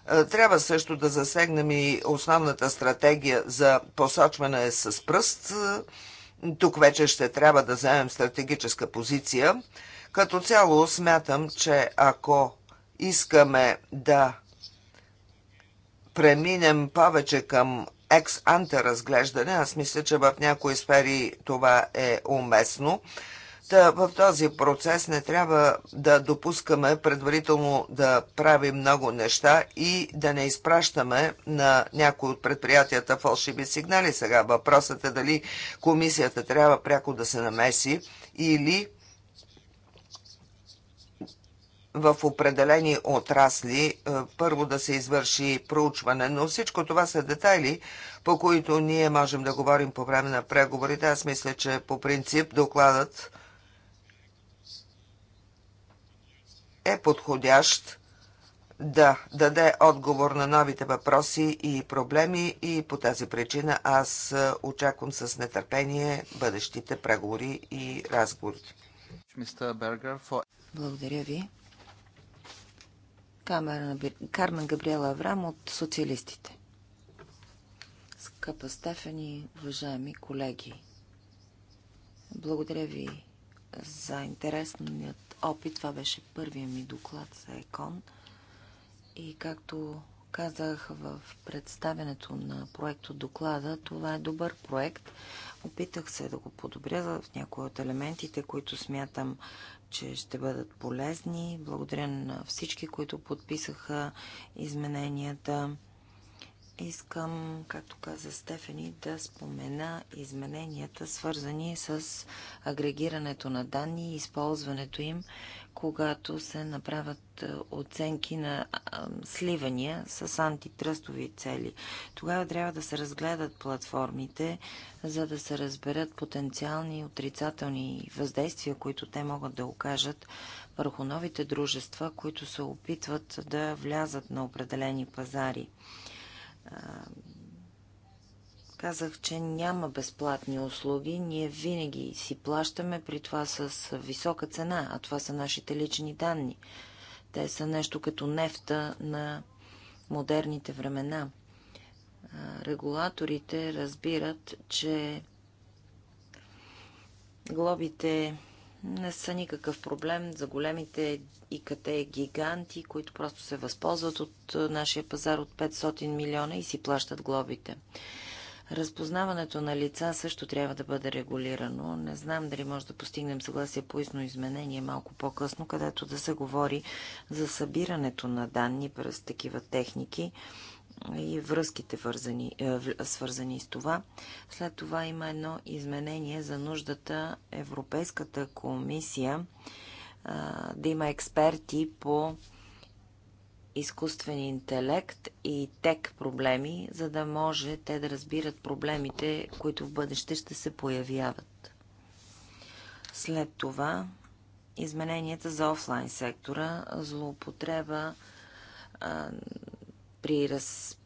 Е, трябва също да засегнем и основната стратегия за посочване с пръст. Е, тук вече ще трябва да вземем стратегическа позиция. Като цяло смятам, че ако искаме да преминем повече към екс-анте разглеждане. Аз мисля, че в някои сфери това е уместно. Та в този процес не трябва да допускаме предварително да правим много неща и да не изпращаме на някои от предприятията фалшиви сигнали. Сега въпросът е дали комисията трябва пряко да се намеси или в определени отрасли е, първо да се извърши проучване, но всичко това са детайли, по които ние можем да говорим по време на преговорите. Аз мисля, че по принцип докладът е подходящ да даде отговор на новите въпроси и проблеми и по тази причина аз е, очаквам с нетърпение бъдещите преговори и разговори. Благодаря ви. Камера, Кармен Габриела Аврам от социалистите. Скъпа Стефани, уважаеми колеги, благодаря ви за интересният опит. Това беше първия ми доклад за ЕКОН. И както казах в представенето на проекто доклада, това е добър проект. Опитах се да го подобря в някои от елементите, които смятам, че ще бъдат полезни. Благодаря на всички, които подписаха измененията. Искам, както каза Стефани, да спомена измененията, свързани с агрегирането на данни и използването им когато се направят е, оценки на сливания с антитръстови цели. Тогава трябва да се разгледат платформите, за да се разберат потенциални отрицателни въздействия, които те могат да окажат върху новите дружества, които се опитват да влязат на определени пазари Казах, че няма безплатни услуги. Ние винаги си плащаме при това с висока цена, а това са нашите лични данни. Те са нещо като нефта на модерните времена. Регулаторите разбират, че глобите не са никакъв проблем за големите ИКТ гиганти, които просто се възползват от нашия пазар от 500 милиона и си плащат глобите. Разпознаването на лица също трябва да бъде регулирано. Не знам дали може да постигнем съгласие по изно изменение малко по-късно, където да се говори за събирането на данни през такива техники и връзките вързани, е, свързани с това. След това има едно изменение за нуждата Европейската комисия да има експерти по изкуствен интелект и тек проблеми, за да може те да разбират проблемите, които в бъдеще ще се появяват. След това измененията за офлайн сектора, злоупотреба а, при раз,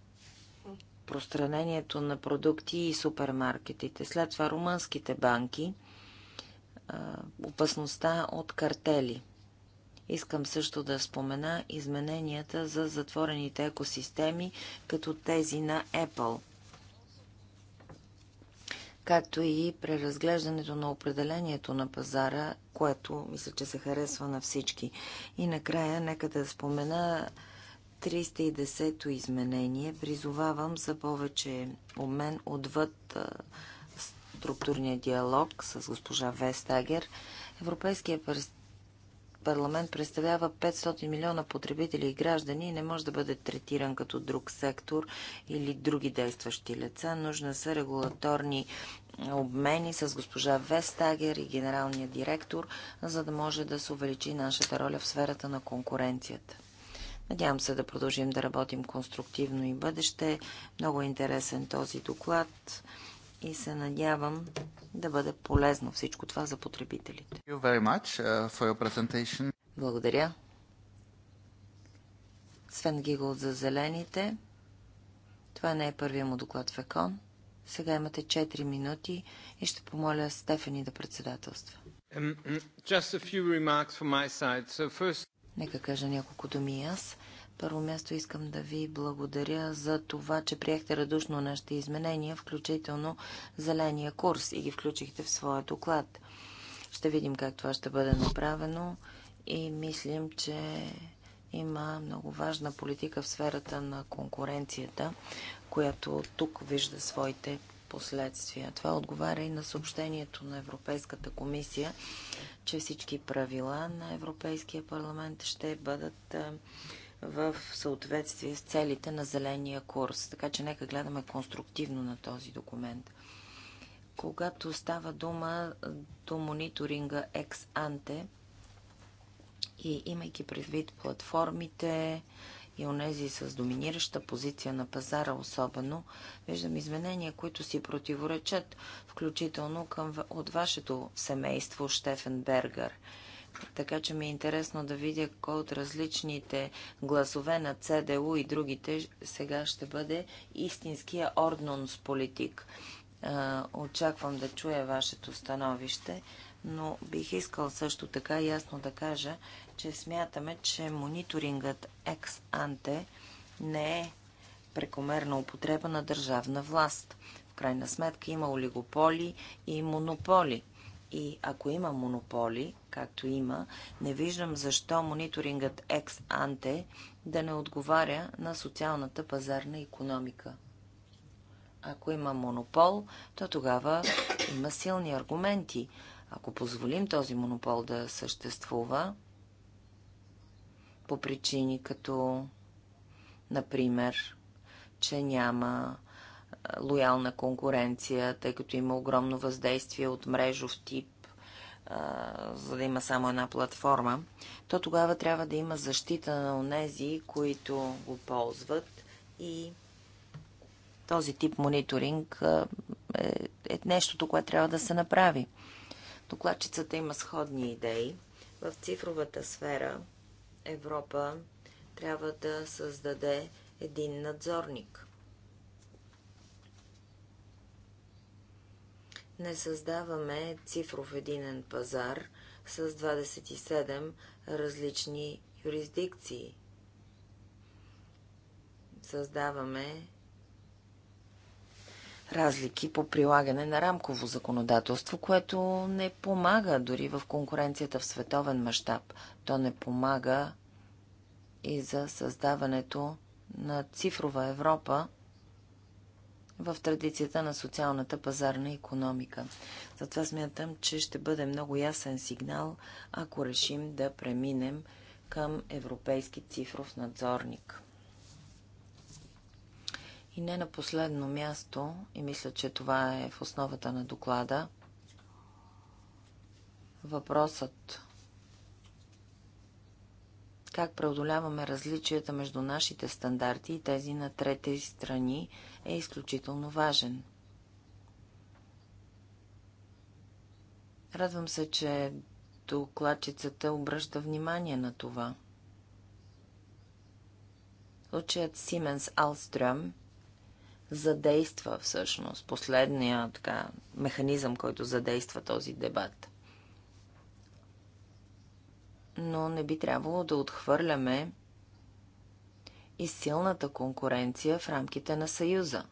разпространението на продукти и супермаркетите. След това румънските банки, опасността от картели. Искам също да спомена измененията за затворените екосистеми, като тези на Apple, както и преразглеждането на определението на пазара, което мисля, че се харесва на всички. И накрая, нека да спомена 310-то изменение. Призовавам за повече обмен отвъд структурния диалог с госпожа Вестагер. Европейския парламент представлява 500 милиона потребители и граждани и не може да бъде третиран като друг сектор или други действащи лица. Нужна са регулаторни обмени с госпожа Вестагер и генералния директор, за да може да се увеличи нашата роля в сферата на конкуренцията. Надявам се да продължим да работим конструктивно и бъдеще. Много интересен този доклад и се надявам да бъде полезно всичко това за потребителите. Uh, Благодаря. Свен Гигл за зелените. Това не е първият му доклад в ЕКОН. Сега имате 4 минути и ще помоля Стефани да председателства. Just a few remarks from my side. So first... Нека кажа няколко думи аз първо място искам да ви благодаря за това, че приехте радушно нашите изменения, включително зеления курс и ги включихте в своя доклад. Ще видим как това ще бъде направено и мислим, че има много важна политика в сферата на конкуренцията, която тук вижда своите последствия. Това отговаря и на съобщението на Европейската комисия, че всички правила на Европейския парламент ще бъдат е, в съответствие с целите на зеления курс. Така че нека гледаме конструктивно на този документ. Когато става дума до мониторинга ex-ante и имайки предвид платформите, и онези с доминираща позиция на пазара особено, виждам изменения, които си противоречат, включително към, от вашето семейство Штефен Бергер така че ми е интересно да видя кой от различните гласове на ЦДУ и другите сега ще бъде истинския орднонс политик. Очаквам да чуя вашето становище, но бих искал също така ясно да кажа, че смятаме, че мониторингът екс-анте не е прекомерна употреба на държавна власт. В крайна сметка има олигополи и монополи. И ако има монополи, както има, не виждам защо мониторингът екс-анте да не отговаря на социалната пазарна економика. Ако има монопол, то тогава има силни аргументи. Ако позволим този монопол да съществува, по причини като, например, че няма лоялна конкуренция, тъй като има огромно въздействие от мрежов тип, за да има само една платформа, то тогава трябва да има защита на онези, които го ползват и този тип мониторинг е, е, нещото, което трябва да се направи. Докладчицата има сходни идеи. В цифровата сфера Европа трябва да създаде един надзорник. не създаваме цифров единен пазар с 27 различни юрисдикции. Създаваме разлики по прилагане на рамково законодателство, което не помага дори в конкуренцията в световен мащаб. То не помага и за създаването на цифрова Европа, в традицията на социалната пазарна економика. Затова смятам, че ще бъде много ясен сигнал, ако решим да преминем към Европейски цифров надзорник. И не на последно място, и мисля, че това е в основата на доклада, въпросът как преодоляваме различията между нашите стандарти и тези на трети страни – е изключително важен. Радвам се, че докладчицата обръща внимание на това. Случаят Сименс Алстрем задейства всъщност последния така, механизъм, който задейства този дебат. Но не би трябвало да отхвърляме и силната конкуренция в рамките на Съюза.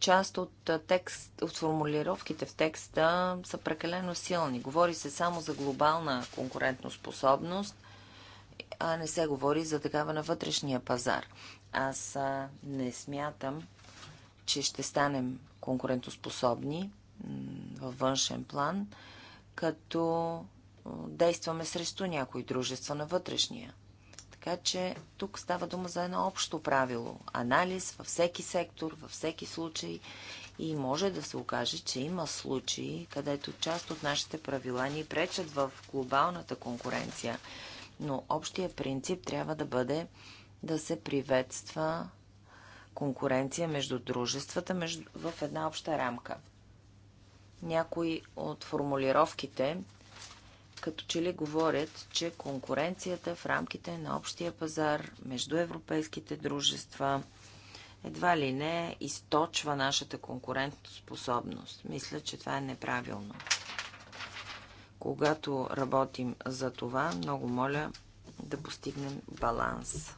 Част от, текст, от формулировките в текста са прекалено силни. Говори се само за глобална конкурентоспособност, а не се говори за такава на вътрешния пазар. Аз не смятам, че ще станем конкурентоспособни във външен план, като действаме срещу някои дружества на вътрешния така че тук става дума за едно общо правило. Анализ във всеки сектор, във всеки случай. И може да се окаже, че има случаи, където част от нашите правила ни пречат в глобалната конкуренция. Но общия принцип трябва да бъде да се приветства конкуренция между дружествата между, в една обща рамка. Някои от формулировките като че ли говорят, че конкуренцията в рамките на общия пазар между европейските дружества едва ли не източва нашата конкурентоспособност. Мисля, че това е неправилно. Когато работим за това, много моля да постигнем баланс.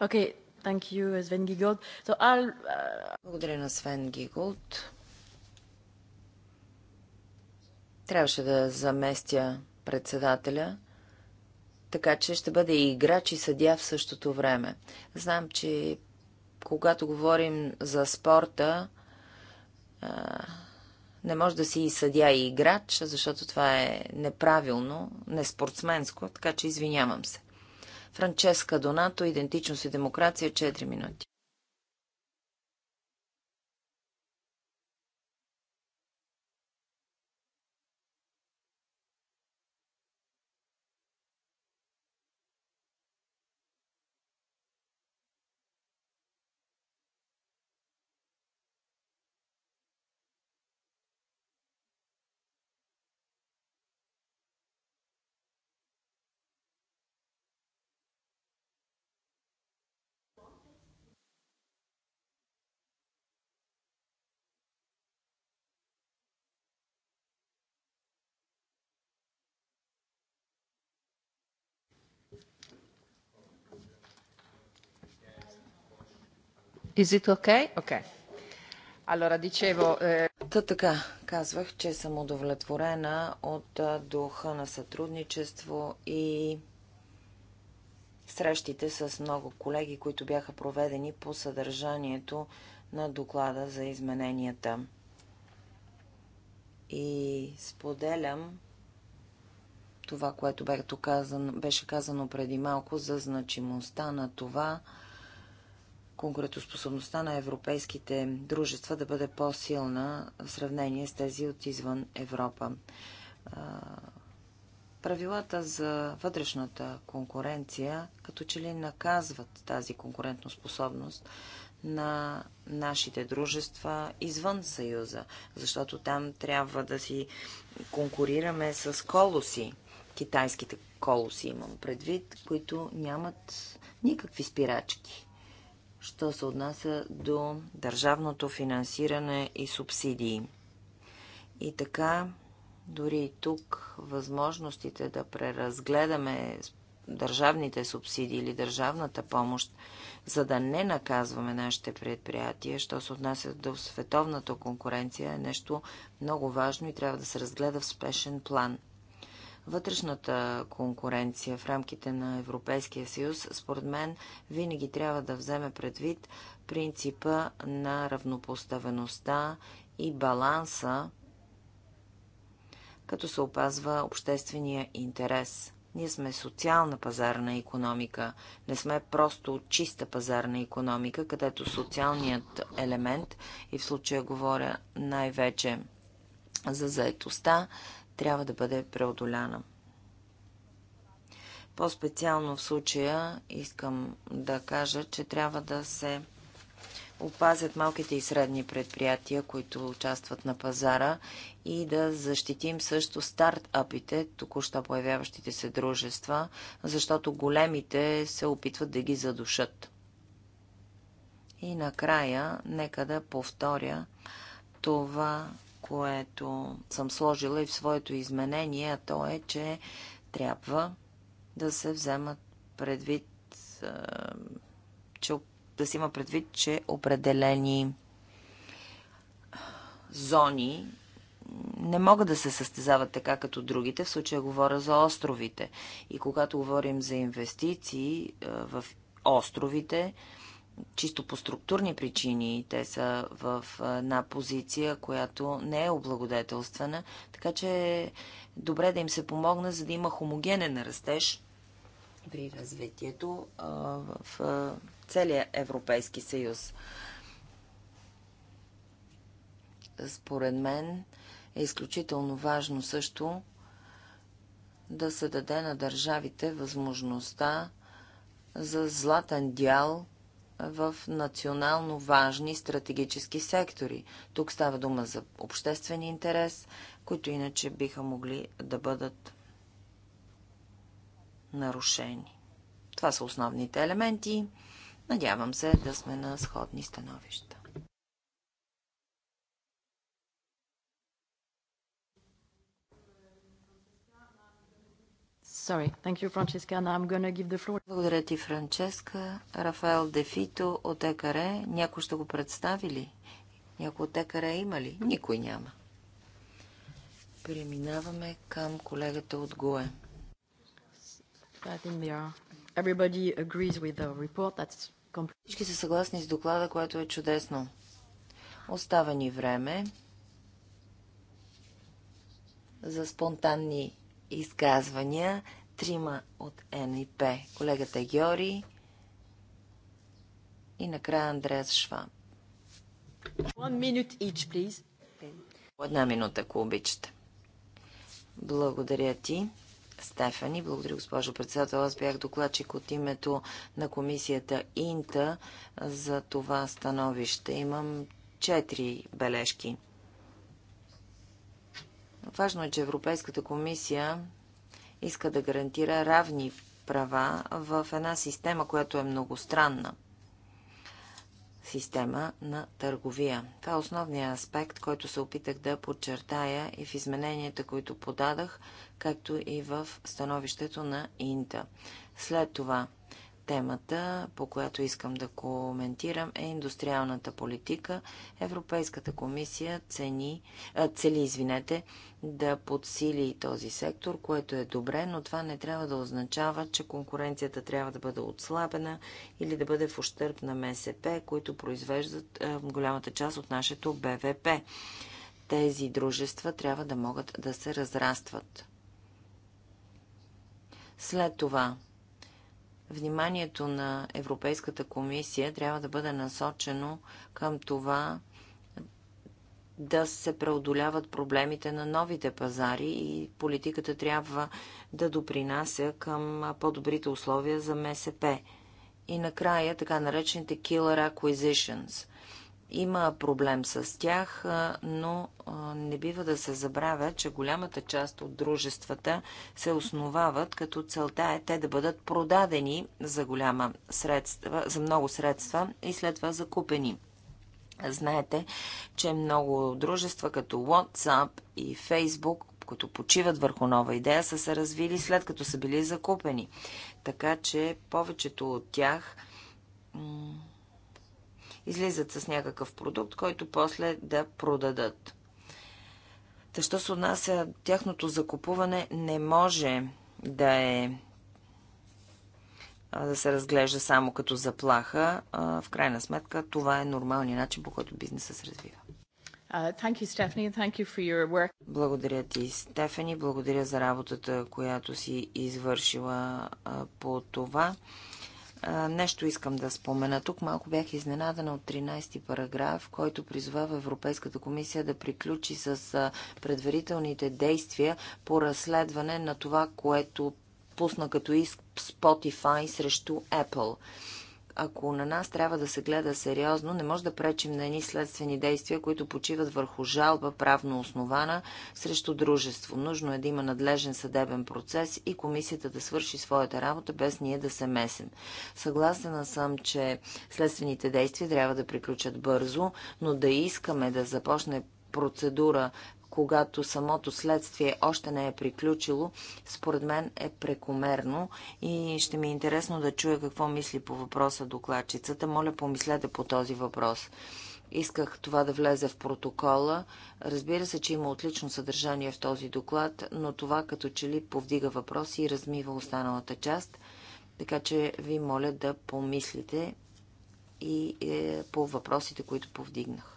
Okay, thank you, Sven Giegold. So I'll... Uh, Благодаря на Свен Гиголд. Трябваше да заместя председателя, така че ще бъде и играч и съдя в същото време. Знам, че когато говорим за спорта, не може да си и съдя и играч, защото това е неправилно, неспортсменско, така че извинявам се. Франческа Донато, Идентичност и демокрация, 4 минути. Is it okay? Okay. Allora, dicevo, eh... Та така, казвах, че съм удовлетворена от духа на сътрудничество и срещите с много колеги, които бяха проведени по съдържанието на доклада за измененията. И споделям това, което беше казано преди малко за значимостта на това, конкурентоспособността на европейските дружества да бъде по-силна в сравнение с тези от извън Европа. Правилата за вътрешната конкуренция като че ли наказват тази конкурентоспособност на нашите дружества извън Съюза, защото там трябва да си конкурираме с колоси, китайските колоси имам предвид, които нямат никакви спирачки що се отнася до държавното финансиране и субсидии. И така, дори и тук, възможностите да преразгледаме държавните субсидии или държавната помощ, за да не наказваме нашите предприятия, що се отнася до световната конкуренция, е нещо много важно и трябва да се разгледа в спешен план. Вътрешната конкуренция в рамките на Европейския съюз, според мен, винаги трябва да вземе предвид принципа на равнопоставеността и баланса, като се опазва обществения интерес. Ние сме социална пазарна економика, не сме просто чиста пазарна економика, където социалният елемент, и в случая говоря най-вече за заетостта, трябва да бъде преодоляна. По-специално в случая искам да кажа, че трябва да се опазят малките и средни предприятия, които участват на пазара и да защитим също стартапите, току-що появяващите се дружества, защото големите се опитват да ги задушат. И накрая, нека да повторя това, което съм сложила и в своето изменение, а то е, че трябва да се вземат предвид, че, да си има предвид, че определени зони не могат да се състезават така като другите. В случая говоря за островите. И когато говорим за инвестиции в островите, чисто по структурни причини те са в една позиция, която не е облагодетелствана, така че е добре да им се помогне, за да има хомогенен растеж при развитието в целия Европейски съюз. Според мен е изключително важно също да се даде на държавите възможността за златен дял в национално важни стратегически сектори. Тук става дума за обществен интерес, които иначе биха могли да бъдат нарушени. Това са основните елементи. Надявам се да сме на сходни становища. Sorry. Thank you, Francesca. Now I'm gonna give the floor. Благодаря ти, Франческа. Рафаел Дефито от ЕКАРЕ. Някой ще го представи ли? Някой от ЕКАРЕ има ли? Никой няма. Преминаваме към колегата от ГУЕ. Всички са съгласни с доклада, което е чудесно. Остава ни време за спонтанни изказвания. Трима от НИП. Колегата Йори и накрая Андреас Шваб. Each, Една минута, ако обичате. Благодаря ти. Стефани. Благодаря, госпожо председател. Аз бях докладчик от името на комисията Инта за това становище. Имам четири бележки. Важно е, че Европейската комисия иска да гарантира равни права в една система, която е многостранна. Система на търговия. Това е основният аспект, който се опитах да подчертая и в измененията, които подадах, както и в становището на Инта. След това Темата, по която искам да коментирам, е индустриалната политика. Европейската комисия цени, цели извинете, да подсили този сектор, което е добре, но това не трябва да означава, че конкуренцията трябва да бъде отслабена или да бъде в ущърп на МСП, които произвеждат голямата част от нашето БВП. Тези дружества трябва да могат да се разрастват. След това вниманието на Европейската комисия трябва да бъде насочено към това да се преодоляват проблемите на новите пазари и политиката трябва да допринася към по-добрите условия за МСП. И накрая така наречените Killer Acquisitions – има проблем с тях, но не бива да се забравя, че голямата част от дружествата се основават, като целта е те да бъдат продадени за, голяма средства, за много средства и след това закупени. Знаете, че много дружества като WhatsApp и Facebook, които почиват върху нова идея, са се развили след като са били закупени. Така че повечето от тях излизат с някакъв продукт, който после да продадат. Та, що се отнася, тяхното закупуване не може да е да се разглежда само като заплаха. В крайна сметка това е нормалният начин, по който бизнеса се развива. Uh, you, благодаря ти, Стефани. Благодаря за работата, която си извършила по това. Нещо искам да спомена. Тук малко бях изненадана от 13-ти параграф, който призовава Европейската комисия да приключи с предварителните действия по разследване на това, което пусна като иск Spotify срещу Apple. Ако на нас трябва да се гледа сериозно, не може да пречим на едни следствени действия, които почиват върху жалба, правно основана, срещу дружество. Нужно е да има надлежен съдебен процес и комисията да свърши своята работа, без ние да се месим. Съгласена съм, че следствените действия трябва да приключат бързо, но да искаме да започне процедура когато самото следствие още не е приключило, според мен е прекомерно и ще ми е интересно да чуя какво мисли по въпроса докладчицата. Моля, помислете по този въпрос. Исках това да влезе в протокола. Разбира се, че има отлично съдържание в този доклад, но това като че ли повдига въпроси и размива останалата част. Така че ви моля да помислите и е, по въпросите, които повдигнах.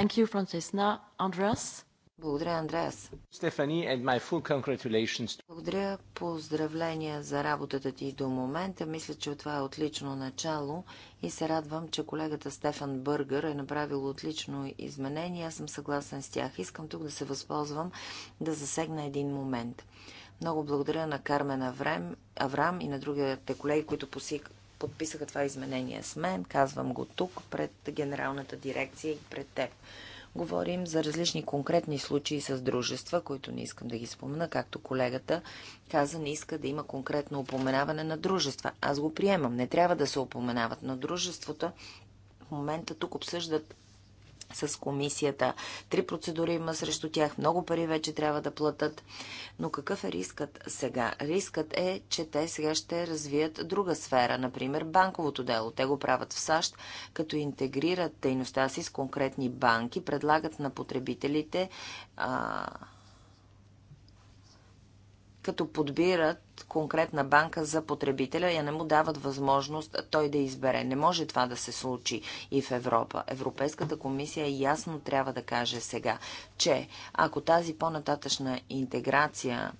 Thank you, Francesca. Andreas? Благодаря, Андреас. Стефани, and my full congratulations. Благодаря, поздравления за работата ти до момента. Мисля, че това е отлично начало и се радвам, че колегата Стефан Бъргър е направил отлично изменение. Аз съм съгласен с тях. Искам тук да се възползвам да засегна един момент. Много благодаря на Кармен Аврам и на другите колеги, които посик, подписаха това изменение с мен. Казвам го тук, пред Генералната дирекция и пред теб. Говорим за различни конкретни случаи с дружества, които не искам да ги спомена, както колегата каза, не иска да има конкретно упоменаване на дружества. Аз го приемам. Не трябва да се упоменават, но дружеството в момента тук обсъждат с комисията. Три процедури има срещу тях, много пари вече трябва да платят. Но какъв е рискът сега? Рискът е, че те сега ще развият друга сфера, например банковото дело. Те го правят в САЩ, като интегрират дейността си с конкретни банки, предлагат на потребителите а, като подбират конкретна банка за потребителя я не му дават възможност той да избере. Не може това да се случи и в Европа. Европейската комисия ясно трябва да каже сега, че ако тази по-нататъчна интеграция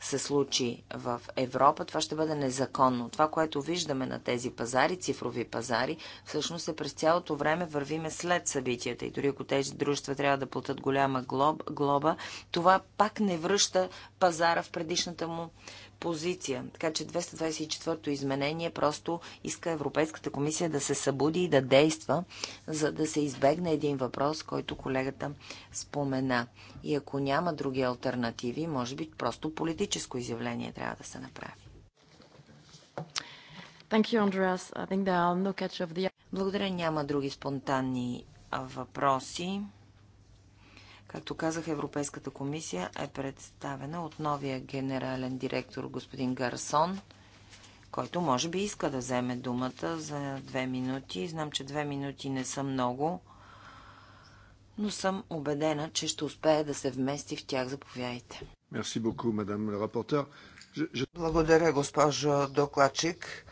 се случи в Европа, това ще бъде незаконно. Това, което виждаме на тези пазари, цифрови пазари, всъщност е през цялото време вървиме след събитията. И дори ако тези дружества трябва да платят голяма глоб, глоба, това пак не връща пазара в предишната му позиция. Така че 224-то изменение просто иска Европейската комисия да се събуди и да действа, за да се избегне един въпрос, който колегата спомена. И ако няма други альтернативи, може би просто политическо изявление трябва да се направи. You, no the... Благодаря, няма други спонтанни въпроси. Както казах, Европейската комисия е представена от новия генерален директор господин Гарсон, който може би иска да вземе думата за две минути. Знам, че две минути не са много, но съм убедена, че ще успее да се вмести в тях. Заповядайте. beaucoup, Благодаря, госпожо докладчик.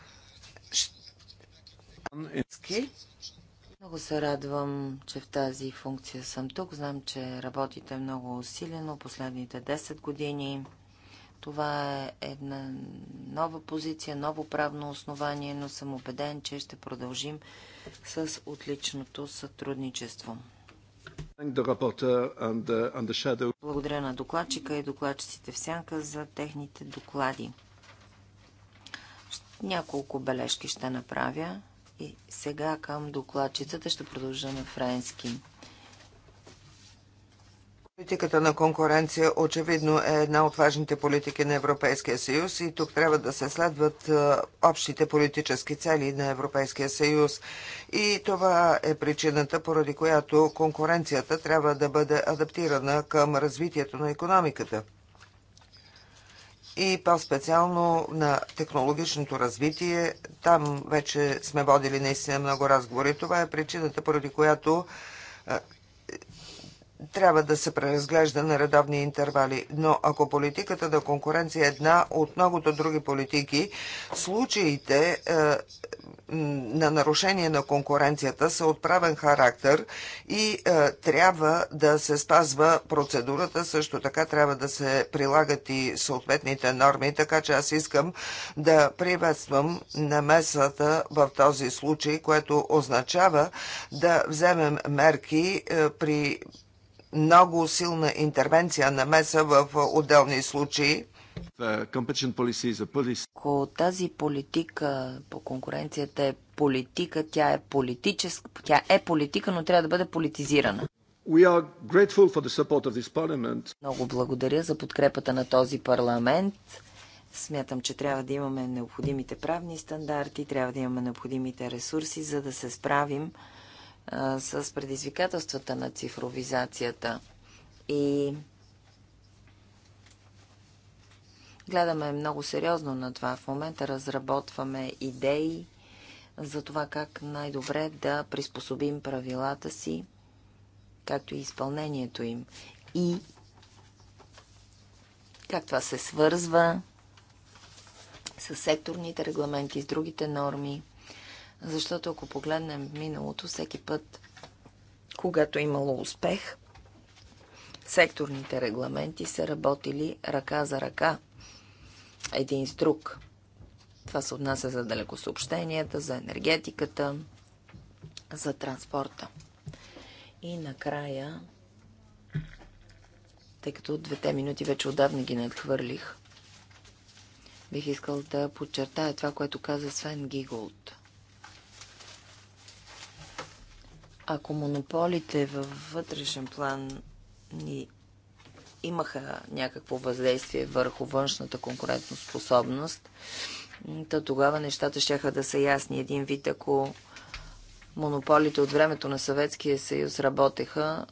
Много се радвам, че в тази функция съм тук. Знам, че работите много усилено последните 10 години. Това е една нова позиция, ново правно основание, но съм убеден, че ще продължим с отличното сътрудничество. Благодаря на докладчика и докладчиците в сянка за техните доклади. Няколко бележки ще направя. И сега към докладчицата ще продължа на френски. Политиката на конкуренция очевидно е една от важните политики на Европейския съюз и тук трябва да се следват е, общите политически цели на Европейския съюз. И това е причината, поради която конкуренцията трябва да бъде адаптирана към развитието на економиката и по-специално на технологичното развитие. Там вече сме водили наистина много разговори. Това е причината, поради която трябва да се преразглежда на редовни интервали. Но ако политиката на конкуренция е една от многото други политики, случаите на нарушение на конкуренцията са отправен характер и е, трябва да се спазва процедурата, също така трябва да се прилагат и съответните норми, така че аз искам да приветствам намесата в този случай, което означава да вземем мерки е, при много силна интервенция на меса в е, отделни случаи ако тази политика по конкуренцията е политика, тя е политическа, тя е политика, но трябва да бъде политизирана. Много благодаря за подкрепата на този парламент. Смятам, че трябва да имаме необходимите правни стандарти, трябва да имаме необходимите ресурси, за да се справим а, с предизвикателствата на цифровизацията. И Гледаме много сериозно на това. В момента разработваме идеи за това как най-добре да приспособим правилата си, както и изпълнението им. И как това се свързва с секторните регламенти, с другите норми. Защото ако погледнем миналото, всеки път, когато е имало успех, секторните регламенти са работили ръка за ръка един с друг. Това се отнася за далекосъобщенията, за енергетиката, за транспорта. И накрая, тъй като двете минути вече отдавна ги надхвърлих, бих искал да подчертая това, което каза Свен Гиголд. Ако монополите във вътрешен план ни имаха някакво въздействие върху външната конкурентоспособност, то тогава нещата ще да са ясни. Един вид, ако монополите от времето на Съветския съюз работеха,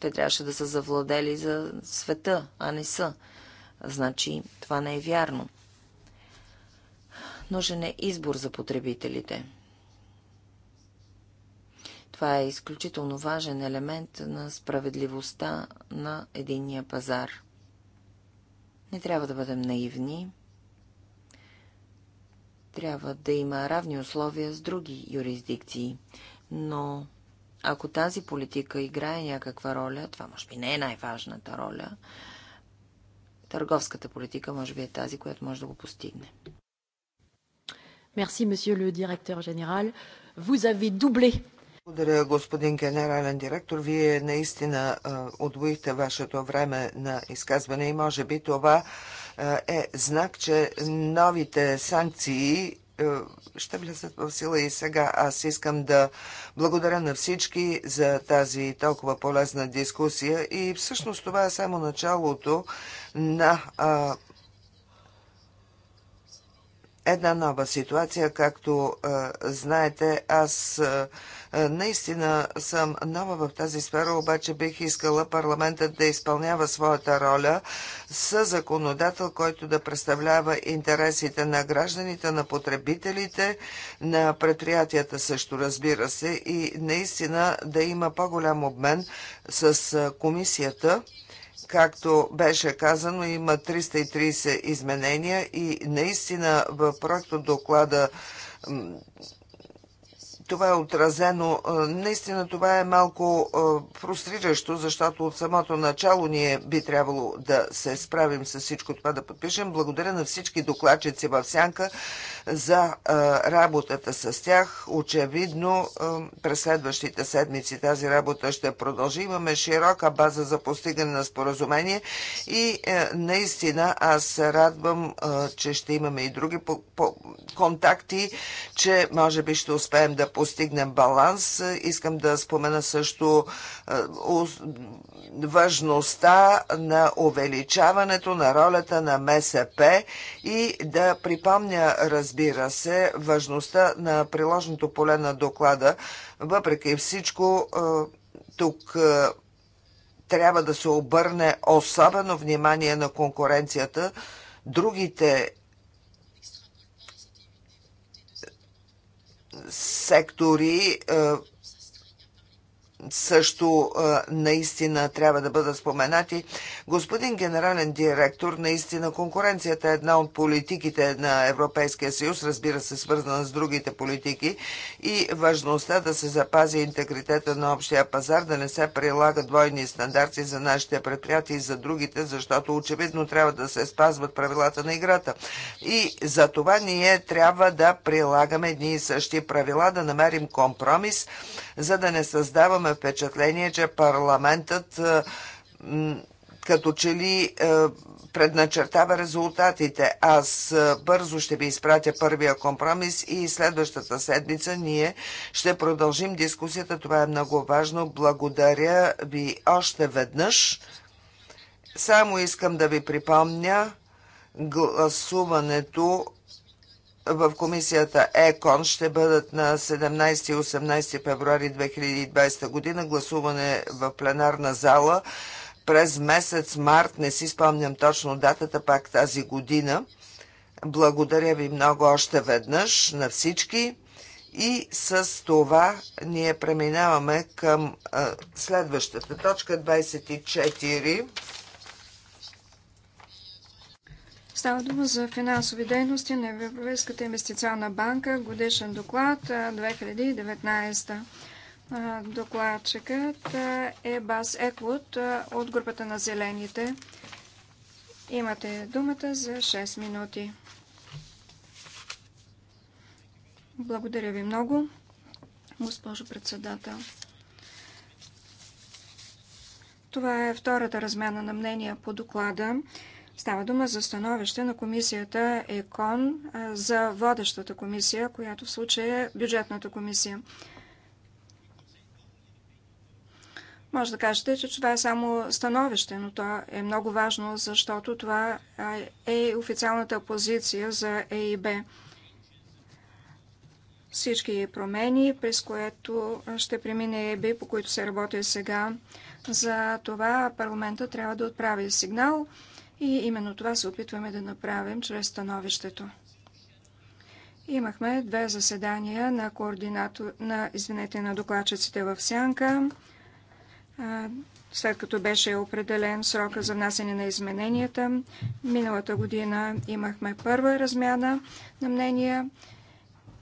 те трябваше да са завладели за света, а не са. Значи, това не е вярно. Нужен е избор за потребителите – това е изключително важен елемент на справедливостта на единния пазар. Не трябва да бъдем наивни. Трябва да има равни условия с други юрисдикции. Но ако тази политика играе някаква роля, това може би не е най-важната роля, търговската политика може би е тази, която може да го постигне. Merci, monsieur le directeur général. Vous avez doublé благодаря, господин генерален директор. Вие наистина отвоихте вашето време на изказване и може би това е знак, че новите санкции ще влезат в сила и сега. Аз искам да благодаря на всички за тази толкова полезна дискусия и всъщност това е само началото на а, една нова ситуация. Както е, знаете, аз е, е, наистина съм нова в тази сфера, обаче бих искала парламентът да изпълнява своята роля с законодател, който да представлява интересите на гражданите, на потребителите, на предприятията също, разбира се, и наистина да има по-голям обмен с е, комисията Както беше казано, има 330 изменения и наистина в проекто доклада това е отразено. Е, наистина това е малко фрустриращо, е, защото от самото начало ние би трябвало да се справим с всичко това да подпишем. Благодаря на всички докладчици в Сянка за работата с тях. Очевидно, през следващите седмици тази работа ще продължи. Имаме широка база за постигане на споразумение и е, наистина аз се радвам, че ще имаме и други контакти, че може би ще успеем да постигнем баланс. Искам да спомена също важността на увеличаването на ролята на МСП и да припомня, разбира разбира се, важността на приложното поле на доклада. Въпреки всичко, е, тук е, трябва да се обърне особено внимание на конкуренцията. Другите сектори е, също наистина трябва да бъдат споменати. Господин генерален директор, наистина конкуренцията е една от политиките на Европейския съюз, разбира се, свързана с другите политики и важността да се запази интегритета на общия пазар, да не се прилагат двойни стандарти за нашите предприятия и за другите, защото очевидно трябва да се спазват правилата на играта. И за това ние трябва да прилагаме едни и същи правила, да намерим компромис, за да не създаваме имаме впечатление, че парламентът е, като че ли е, предначертава резултатите. Аз е, бързо ще ви изпратя първия компромис и следващата седмица ние ще продължим дискусията. Това е много важно. Благодаря ви още веднъж. Само искам да ви припомня гласуването в комисията ЕКОН ще бъдат на 17 и 18 февруари 2020 година. Гласуване в пленарна зала през месец март, не си спомням точно датата, пак тази година. Благодаря ви много още веднъж на всички. И с това ние преминаваме към а, следващата точка 24. Става дума за финансови дейности на Европейската инвестиционна банка, годишен доклад 2019. Докладчикът е Бас Еклот от групата на зелените. Имате думата за 6 минути. Благодаря ви много, госпожо председател. Това е втората размяна на мнения по доклада. Става дума за становище на комисията ЕКОН за водещата комисия, която в случая е бюджетната комисия. Може да кажете, че това е само становище, но то е много важно, защото това е официалната позиция за ЕИБ. Всички промени, през което ще премине ЕИБ, по които се работи сега, за това парламента трябва да отправи сигнал – и именно това се опитваме да направим чрез становището. Имахме две заседания на, координатор... на, извинете, на докладчиците в Сянка, след като беше определен срока за внасяне на измененията. Миналата година имахме първа размяна на мнения.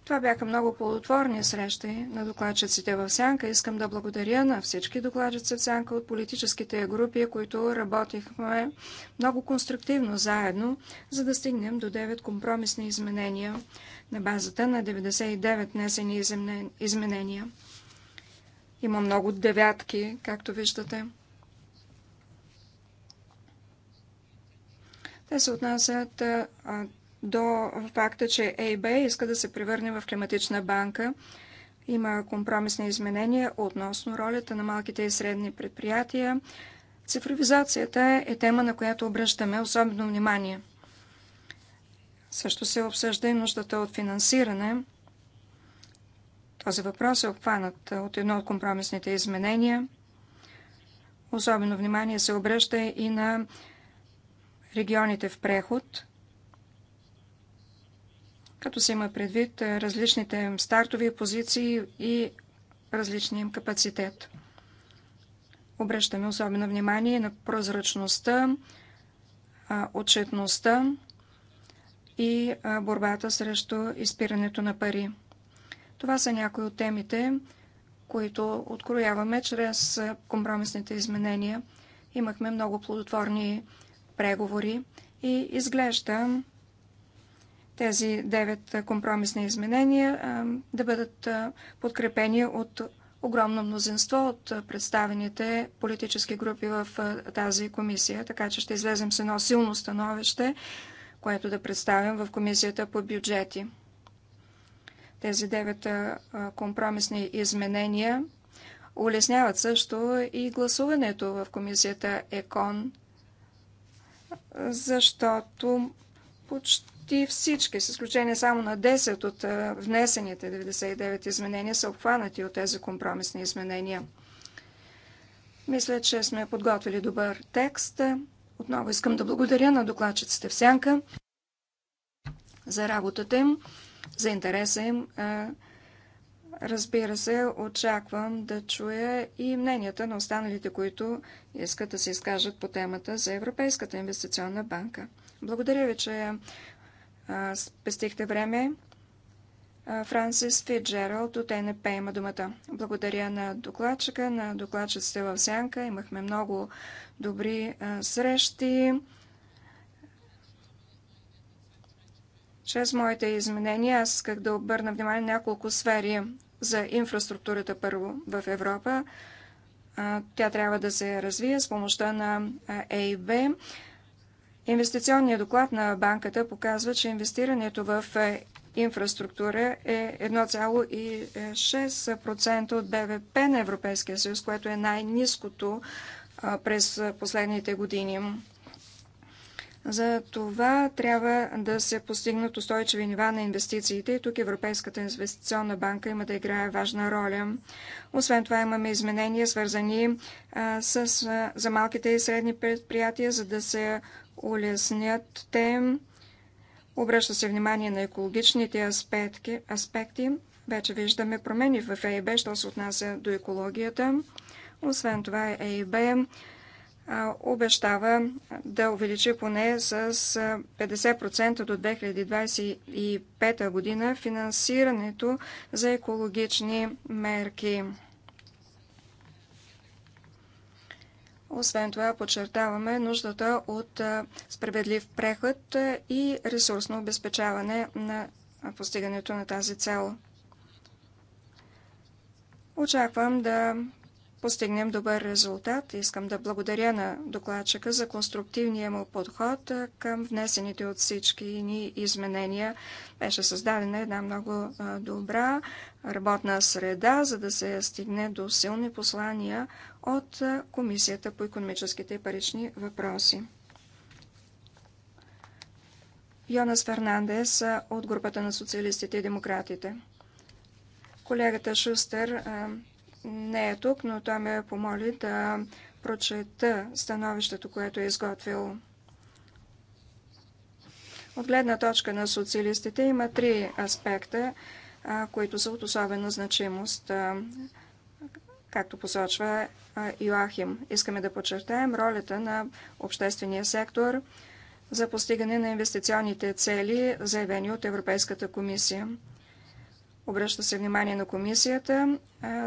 Това бяха много плодотворни срещи на докладчиците в Сянка. Искам да благодаря на всички докладчици в Сянка от политическите групи, които работихме много конструктивно заедно, за да стигнем до 9 компромисни изменения на базата на 99 внесени изменения. Има много девятки, както виждате. Те се отнасят до факта, че ЕИБ иска да се превърне в климатична банка. Има компромисни изменения относно ролята на малките и средни предприятия. Цифровизацията е тема, на която обръщаме особено внимание. Също се обсъжда и нуждата от финансиране. Този въпрос е обхванат от едно от компромисните изменения. Особено внимание се обръща и на регионите в преход – като се има предвид е, различните им стартови позиции и различния им капацитет. Обръщаме особено внимание на прозрачността, отчетността и борбата срещу изпирането на пари. Това са някои от темите, които открояваме чрез компромисните изменения. Имахме много плодотворни преговори и изглежда тези девет компромисни изменения да бъдат подкрепени от огромно мнозинство от представените политически групи в тази комисия, така че ще излезем с едно силно становище, което да представим в комисията по бюджети. Тези девет компромисни изменения улесняват също и гласуването в комисията ЕКОН, защото почти почти всички, с изключение само на 10 от внесените 99 изменения, са обхванати от тези компромисни изменения. Мисля, че сме подготвили добър текст. Отново искам да благодаря на докладчиците в Сянка за работата им, за интереса им. Разбира се, очаквам да чуя и мненията на останалите, които искат да се изкажат по темата за Европейската инвестиционна банка. Благодаря ви, че спестихте време. Франсис Фиджералд от НП има думата. Благодаря на докладчика, на докладчиците в Сянка. Имахме много добри срещи. Чрез моите изменения аз исках да обърна внимание на няколко сфери за инфраструктурата първо в Европа. Тя трябва да се развие с помощта на ЕИБ. Инвестиционният доклад на банката показва, че инвестирането в е, инфраструктура е 1,6% от БВП на Европейския съюз, което е най-низкото през последните години. За това трябва да се постигнат устойчиви нива на инвестициите и тук Европейската инвестиционна банка има да играе важна роля. Освен това имаме изменения, свързани с, за малките и средни предприятия, за да се улесняте. те. Обръща се внимание на екологичните аспекти. аспекти. Вече виждаме промени в ЕИБ, що се отнася до екологията. Освен това ЕИБ обещава да увеличи поне с 50% до 2025 година финансирането за екологични мерки. Освен това, подчертаваме нуждата от справедлив преход и ресурсно обезпечаване на постигането на тази цел. Очаквам да постигнем добър резултат. Искам да благодаря на докладчика за конструктивния му подход към внесените от всички ни изменения. Беше създадена една много добра работна среда, за да се стигне до силни послания от Комисията по економическите и парични въпроси. Йонас Фернандес от групата на социалистите и демократите. Колегата Шустер не е тук, но той ме помоли да прочета становището, което е изготвил. От гледна точка на социалистите има три аспекта, които са от особена значимост както посочва Йоахим. Искаме да подчертаем ролята на обществения сектор за постигане на инвестиционните цели, заявени от Европейската комисия. Обръща се внимание на комисията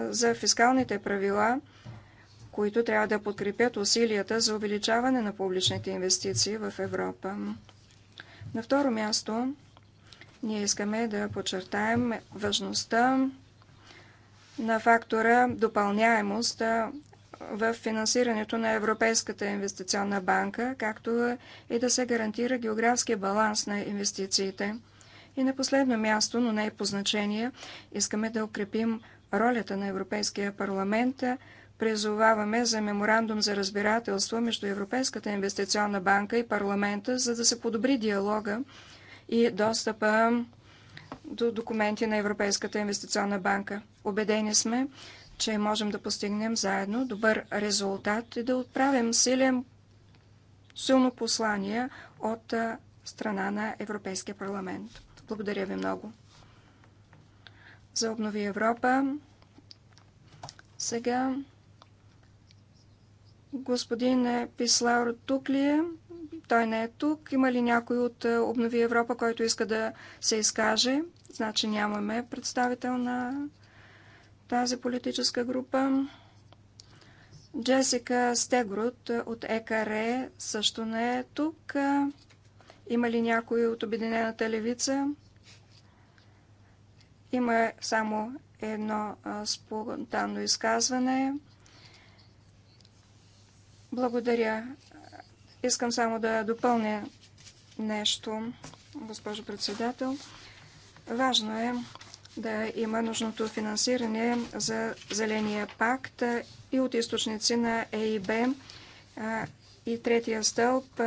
за фискалните правила, които трябва да подкрепят усилията за увеличаване на публичните инвестиции в Европа. На второ място, ние искаме да подчертаем важността на фактора допълняемост в финансирането на Европейската инвестиционна банка, както и да се гарантира географския баланс на инвестициите. И на последно място, но не е по значение, искаме да укрепим ролята на Европейския парламент. Призоваваме за меморандум за разбирателство между Европейската инвестиционна банка и парламента, за да се подобри диалога и достъпа до документи на Европейската инвестиционна банка. Обедени сме, че можем да постигнем заедно добър резултат и да отправим силен, силно послание от страна на Европейския парламент. Благодаря ви много. За обнови Европа. Сега господин Пислаур тук ли е? Той не е тук. Има ли някой от Обнови Европа, който иска да се изкаже? Значи нямаме представител на тази политическа група. Джесика Стегрут от ЕКР също не е тук. Има ли някой от Обединената левица? Има само едно спонтанно изказване. Благодаря. Искам само да допълня нещо, госпожо председател. Важно е да има нужното финансиране за Зеления пакт и от източници на ЕИБ и третия стълб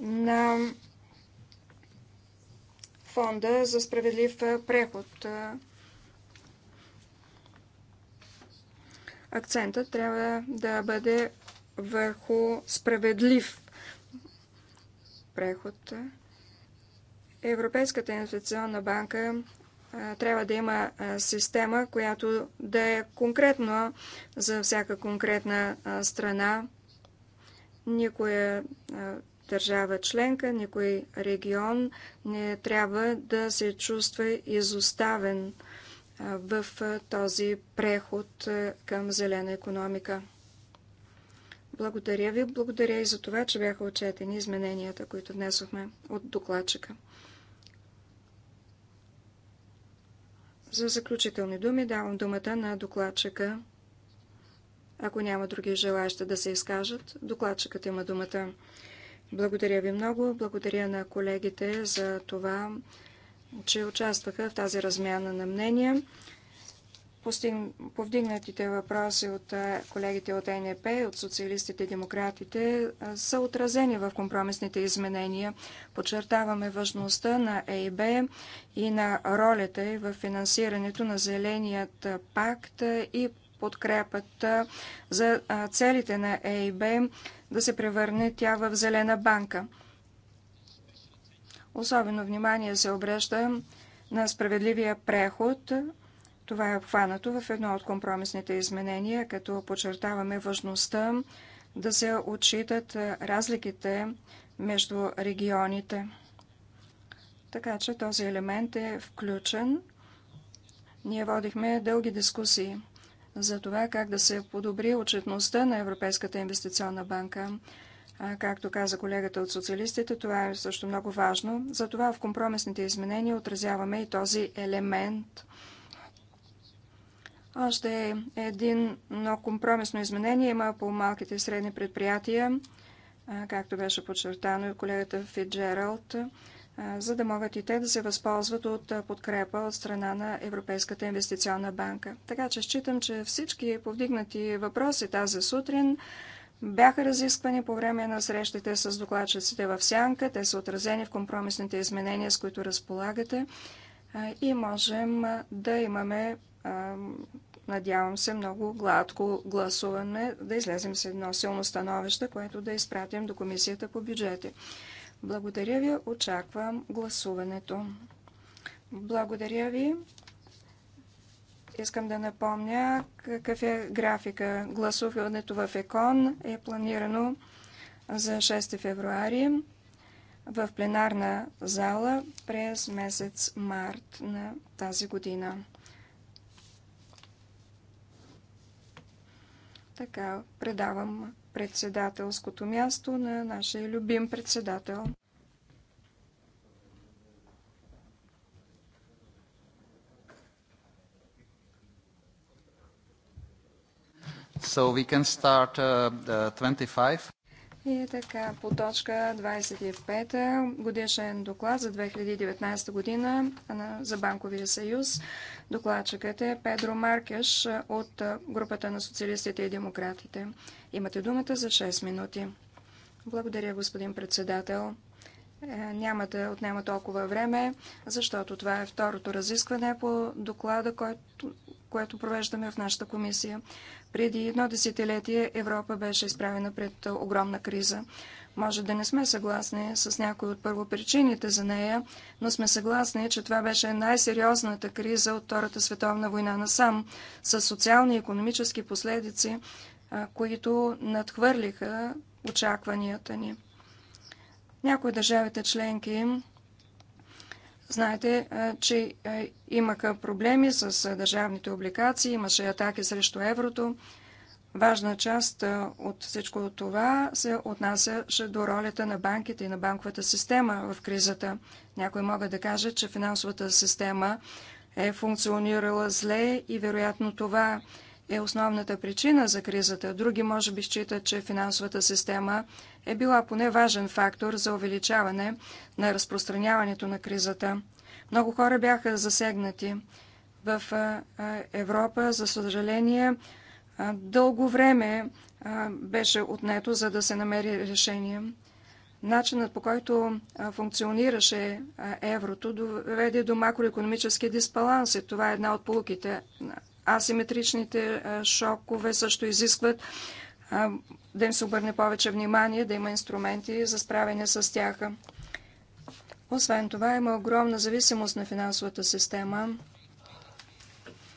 на фонда за справедлив преход. Акцентът трябва да бъде върху справедлив преход. Европейската инвестиционна банка трябва да има система, която да е конкретно за всяка конкретна страна. Никоя държава членка, никой регион не трябва да се чувства изоставен в този преход към зелена економика. Благодаря ви, благодаря и за това, че бяха отчетени измененията, които внесохме от докладчика. За заключителни думи давам думата на докладчика. Ако няма други желаящи да се изкажат, докладчикът има думата. Благодаря ви много. Благодаря на колегите за това, че участваха в тази размяна на мнения повдигнатите въпроси от колегите от НЕП, от социалистите и демократите са отразени в компромисните изменения. Подчертаваме важността на ЕИБ и на ролята й в финансирането на Зеленият пакт и подкрепата за целите на ЕИБ да се превърне тя в Зелена банка. Особено внимание се обръща на справедливия преход – това е обхванато в едно от компромисните изменения, като подчертаваме важността да се отчитат разликите между регионите. Така че този елемент е включен. Ние водихме дълги дискусии за това как да се подобри отчетността на Европейската инвестиционна банка. Както каза колегата от социалистите, това е също много важно. Затова в компромисните изменения отразяваме и този елемент – още един но компромисно изменение има по малките и средни предприятия, както беше подчертано и колегата Фитджералд, за да могат и те да се възползват от подкрепа от страна на Европейската инвестиционна банка. Така че считам, че всички повдигнати въпроси тази сутрин бяха разисквани по време на срещите с докладчиците в Сянка. Те са отразени в компромисните изменения, с които разполагате и можем да имаме надявам се, много гладко гласуване, да излезем с едно силно становище, което да изпратим до Комисията по бюджети. Благодаря ви, очаквам гласуването. Благодаря ви. Искам да напомня какъв е графика. Гласуването в ЕКОН е планирано за 6 февруари в пленарна зала през месец март на тази година. Така предавам председателското място на нашия любим председател. So we can start uh, the 25. И така, по точка 25, годишен доклад за 2019 година за Банковия съюз. Докладчикът е Педро Маркеш от групата на социалистите и демократите. Имате думата за 6 минути. Благодаря, господин председател. Е, няма да отнема толкова време, защото това е второто разискване по доклада, който, което провеждаме в нашата комисия. Преди едно десетилетие Европа беше изправена пред огромна криза. Може да не сме съгласни с някои от първопричините за нея, но сме съгласни, че това беше най-сериозната криза от Втората световна война насам, с социални и економически последици, които надхвърлиха очакванията ни. Някои държавите членки Знаете, че имаха проблеми с държавните обликации, имаше атаки срещу еврото. Важна част от всичко това се отнасяше до ролята на банките и на банковата система в кризата. Някой могат да кажат, че финансовата система е функционирала зле и вероятно това е основната причина за кризата. Други може би считат, че финансовата система е била поне важен фактор за увеличаване на разпространяването на кризата. Много хора бяха засегнати. В Европа, за съжаление, дълго време беше отнето, за да се намери решение. Начинът по който функционираше еврото доведе до макроекономически дисбаланси. Това е една от полуките асиметричните шокове също изискват да им се обърне повече внимание, да има инструменти за справяне с тях. Освен това, има огромна зависимост на финансовата система,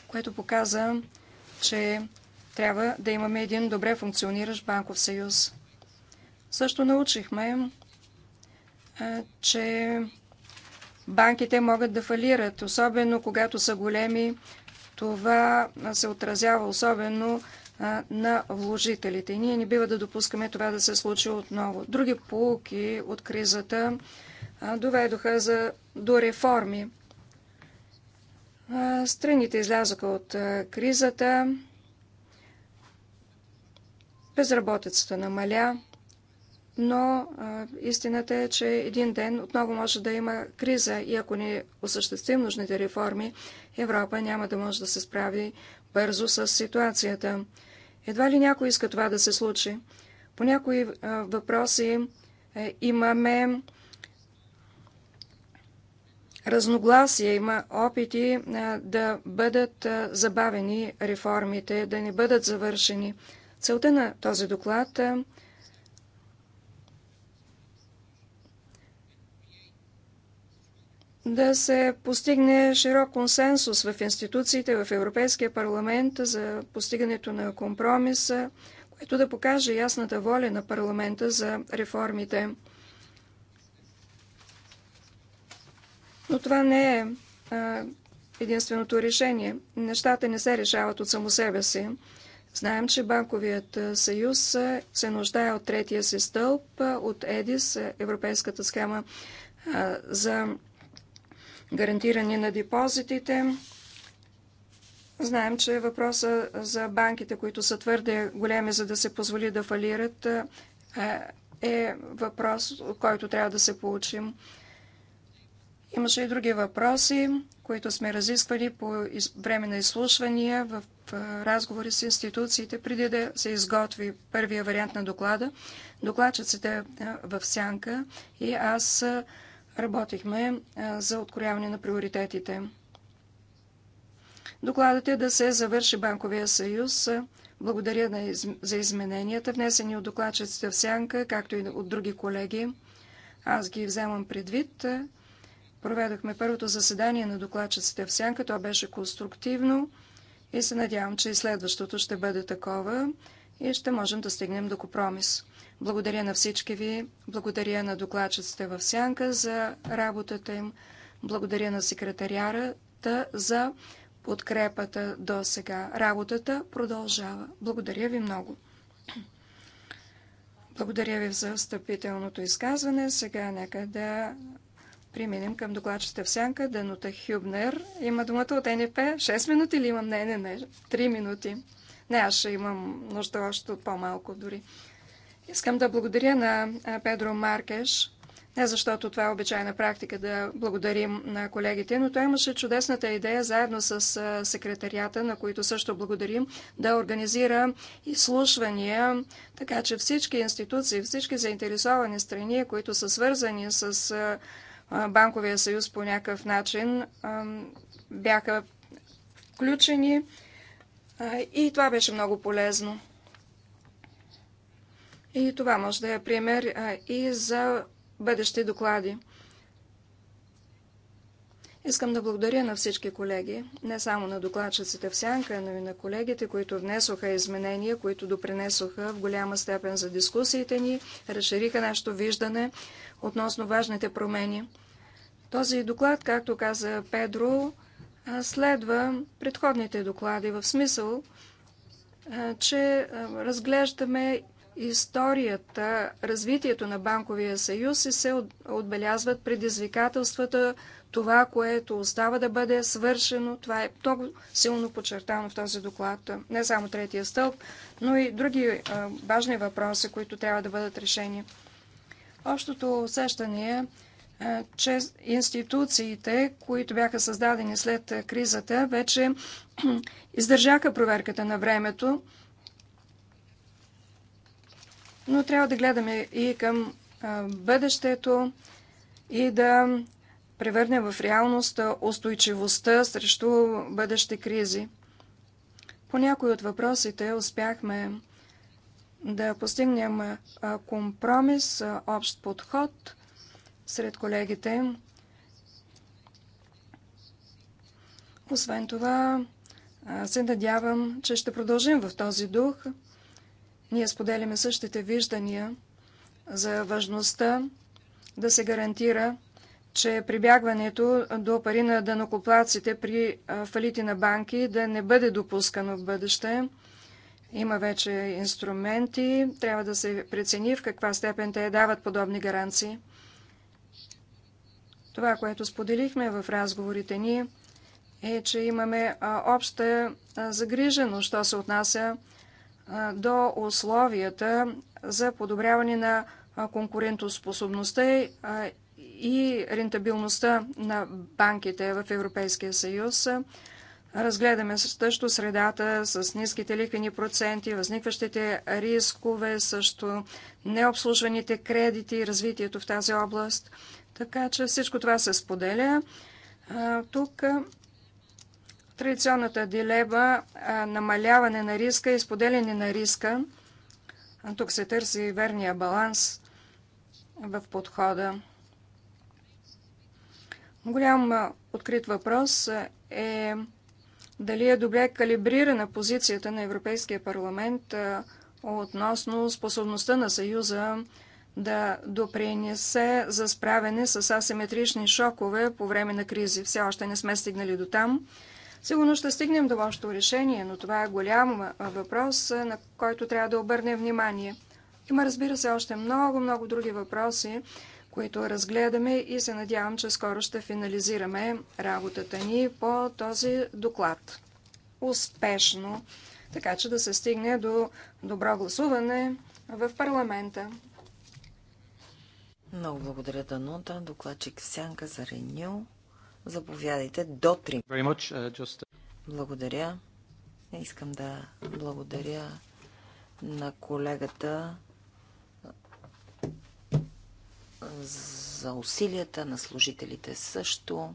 което показа, че трябва да имаме един добре функциониращ банков съюз. Също научихме, че банките могат да фалират, особено когато са големи, това се отразява особено на вложителите. И ние не бива да допускаме това да се случи отново. Други полуки от кризата доведоха за, до реформи. Страните излязоха от кризата, безработицата намаля, но а, истината е, че един ден отново може да има криза и ако не осъществим нужните реформи, Европа няма да може да се справи бързо с ситуацията. Едва ли някой иска това да се случи. По някои а, въпроси е, имаме разногласия, има опити а, е, да бъдат а, е, забавени реформите, да не бъдат завършени. Целта на този доклад а, е, да се постигне широк консенсус в институциите, в Европейския парламент за постигането на компромиса, което да покаже ясната воля на парламента за реформите. Но това не е единственото решение. Нещата не се решават от само себе си. Знаем, че Банковият съюз се нуждае от третия си стълб, от ЕДИС, Европейската схема за гарантиране на депозитите. Знаем, че въпроса за банките, които са твърде големи, за да се позволи да фалират, е, е въпрос, от който трябва да се получим. Имаше и други въпроси, които сме разисквали по време на изслушвания в разговори с институциите, преди да се изготви първия вариант на доклада. Докладчиците в сянка и аз работихме за открояване на приоритетите. Докладът е да се завърши Банковия съюз. Благодаря за измененията, внесени от докладчиците в Сянка, както и от други колеги. Аз ги вземам предвид. Проведохме първото заседание на докладчиците в Сянка. То беше конструктивно и се надявам, че и следващото ще бъде такова и ще можем да стигнем до компромис. Благодаря на всички ви. Благодаря на докладчиците в Сянка за работата им. Благодаря на секретарията за подкрепата до сега. Работата продължава. Благодаря ви много. Благодаря ви за встъпителното изказване. Сега нека да преминем към докладчета в сянка. Данута Хюбнер има думата от НП. 6 минути ли имам? Не, не, не. 3 минути. Не, аз ще имам нужда още от по-малко дори. Искам да благодаря на Педро Маркеш, не защото това е обичайна практика да благодарим на колегите, но той имаше чудесната идея, заедно с секретарията, на които също благодарим, да организира изслушвания, така че всички институции, всички заинтересовани страни, които са свързани с Банковия съюз по някакъв начин, бяха включени и това беше много полезно. И това може да е пример и за бъдещи доклади. Искам да благодаря на всички колеги, не само на докладчиците в сянка, но и на колегите, които внесоха изменения, които допринесоха в голяма степен за дискусиите ни, разшириха нашето виждане относно важните промени. Този доклад, както каза Педро, следва предходните доклади в смисъл, че разглеждаме историята, развитието на банковия съюз и се отбелязват предизвикателствата, това, което остава да бъде свършено. Това е много силно подчертано в този доклад. Не само третия стълб, но и други важни въпроси, които трябва да бъдат решени. Общото усещане е, че институциите, които бяха създадени след кризата, вече издържаха проверката на времето, но трябва да гледаме и към бъдещето и да превърне в реалност устойчивостта срещу бъдещи кризи. По някои от въпросите успяхме да постигнем компромис, общ подход сред колегите. Освен това, се надявам, че ще продължим в този дух – ние споделяме същите виждания за важността да се гарантира, че прибягването до пари на данокоплаците при фалити на банки да не бъде допускано в бъдеще. Има вече инструменти, трябва да се прецени в каква степен те дават подобни гаранции. Това, което споделихме в разговорите ни, е, че имаме обща загриженост, що се отнася до условията за подобряване на конкурентоспособността и рентабилността на банките в Европейския съюз. Разгледаме също средата с ниските ликвени проценти, възникващите рискове, също необслужваните кредити, развитието в тази област. Така че всичко това се споделя. Тук Традиционната дилема намаляване на риска и споделяне на риска. Тук се търси верния баланс в подхода. Голям открит въпрос е дали е добре калибрирана позицията на Европейския парламент относно способността на Съюза да допринесе за справяне с асиметрични шокове по време на кризи. Все още не сме стигнали до там. Сигурно ще стигнем до вашето решение, но това е голям въпрос, на който трябва да обърнем внимание. Има, разбира се, още много, много други въпроси, които разгледаме и се надявам, че скоро ще финализираме работата ни по този доклад. Успешно, така че да се стигне до добро гласуване в парламента. Много благодаря, Данута, докладчик Сянка за Реню. Заповядайте до 3. Uh, uh, благодаря. Искам да благодаря на колегата за усилията, на служителите също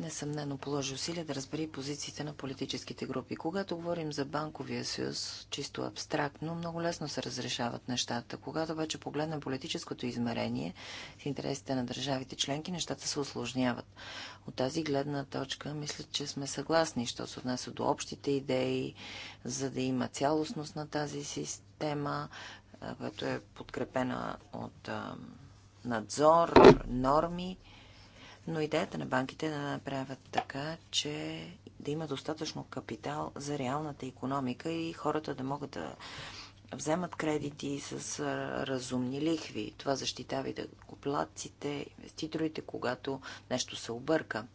несъмнено положи усилия да разбере позициите на политическите групи. Когато говорим за банковия съюз, чисто абстрактно, много лесно се разрешават нещата. Когато вече погледнем политическото измерение в интересите на държавите членки, нещата се осложняват. От тази гледна точка, мисля, че сме съгласни, що се отнася до общите идеи, за да има цялостност на тази система, която е подкрепена от надзор, норми. Но идеята на банките е да направят така, че да има достатъчно капитал за реалната економика и хората да могат да вземат кредити с разумни лихви. Това защитава и да купилаците, инвеститорите, когато нещо се обърка.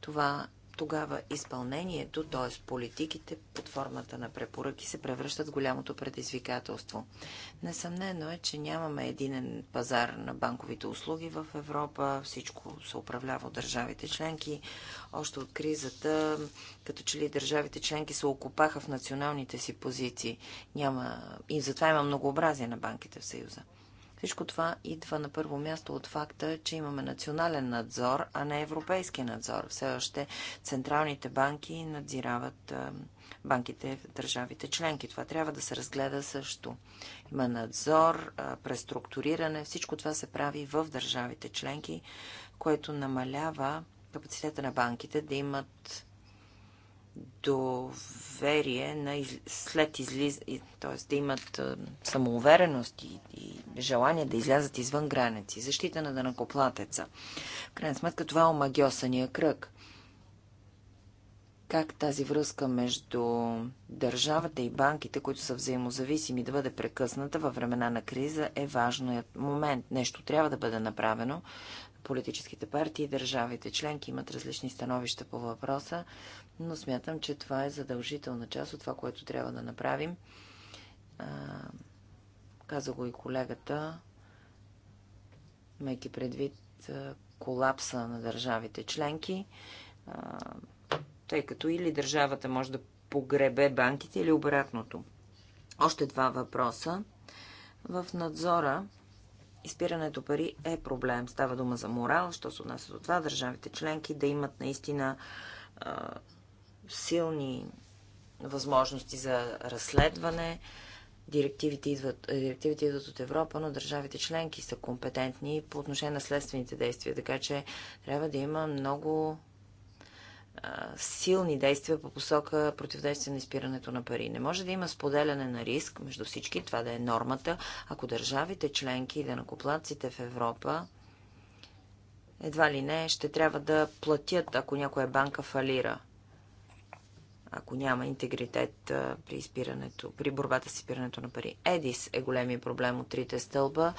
Това тогава изпълнението, т.е. политиките под формата на препоръки се превръщат в голямото предизвикателство. Несъмнено е, че нямаме единен пазар на банковите услуги в Европа, всичко се управлява от държавите членки. Още от кризата, като че ли държавите членки се окупаха в националните си позиции. Няма... И затова има многообразие на банките в Съюза. Всичко това идва на първо място от факта, че имаме национален надзор, а не европейски надзор. Все още централните банки надзирават банките в държавите членки. Това трябва да се разгледа също. Има надзор, преструктуриране, всичко това се прави в държавите членки, което намалява капацитета на банките да имат доверие на след излиз... т.е. да имат самоувереност и, и желание да излязат извън граници. Защита на дънакоплатеца. В крайна сметка това е омагиосания кръг. Как тази връзка между държавата и банките, които са взаимозависими, да бъде прекъсната във времена на криза е важният момент. Нещо трябва да бъде направено, политическите партии държавите членки имат различни становища по въпроса, но смятам, че това е задължителна част от това, което трябва да направим. каза го и колегата, майки предвид колапса на държавите членки, тъй като или държавата може да погребе банките или обратното. Още два въпроса. В надзора изпирането пари е проблем. Става дума за морал, що се отнася до това държавите членки да имат наистина а, силни възможности за разследване. Директивите идват, директивите идват от Европа, но държавите членки са компетентни по отношение на следствените действия, така че трябва да има много силни действия по посока противодействие на изпирането на пари. Не може да има споделяне на риск между всички, това да е нормата, ако държавите членки и данакоплаците в Европа едва ли не ще трябва да платят, ако някоя банка фалира, ако няма интегритет при, изпирането, при борбата с изпирането на пари. Едис е големия проблем от трите стълба.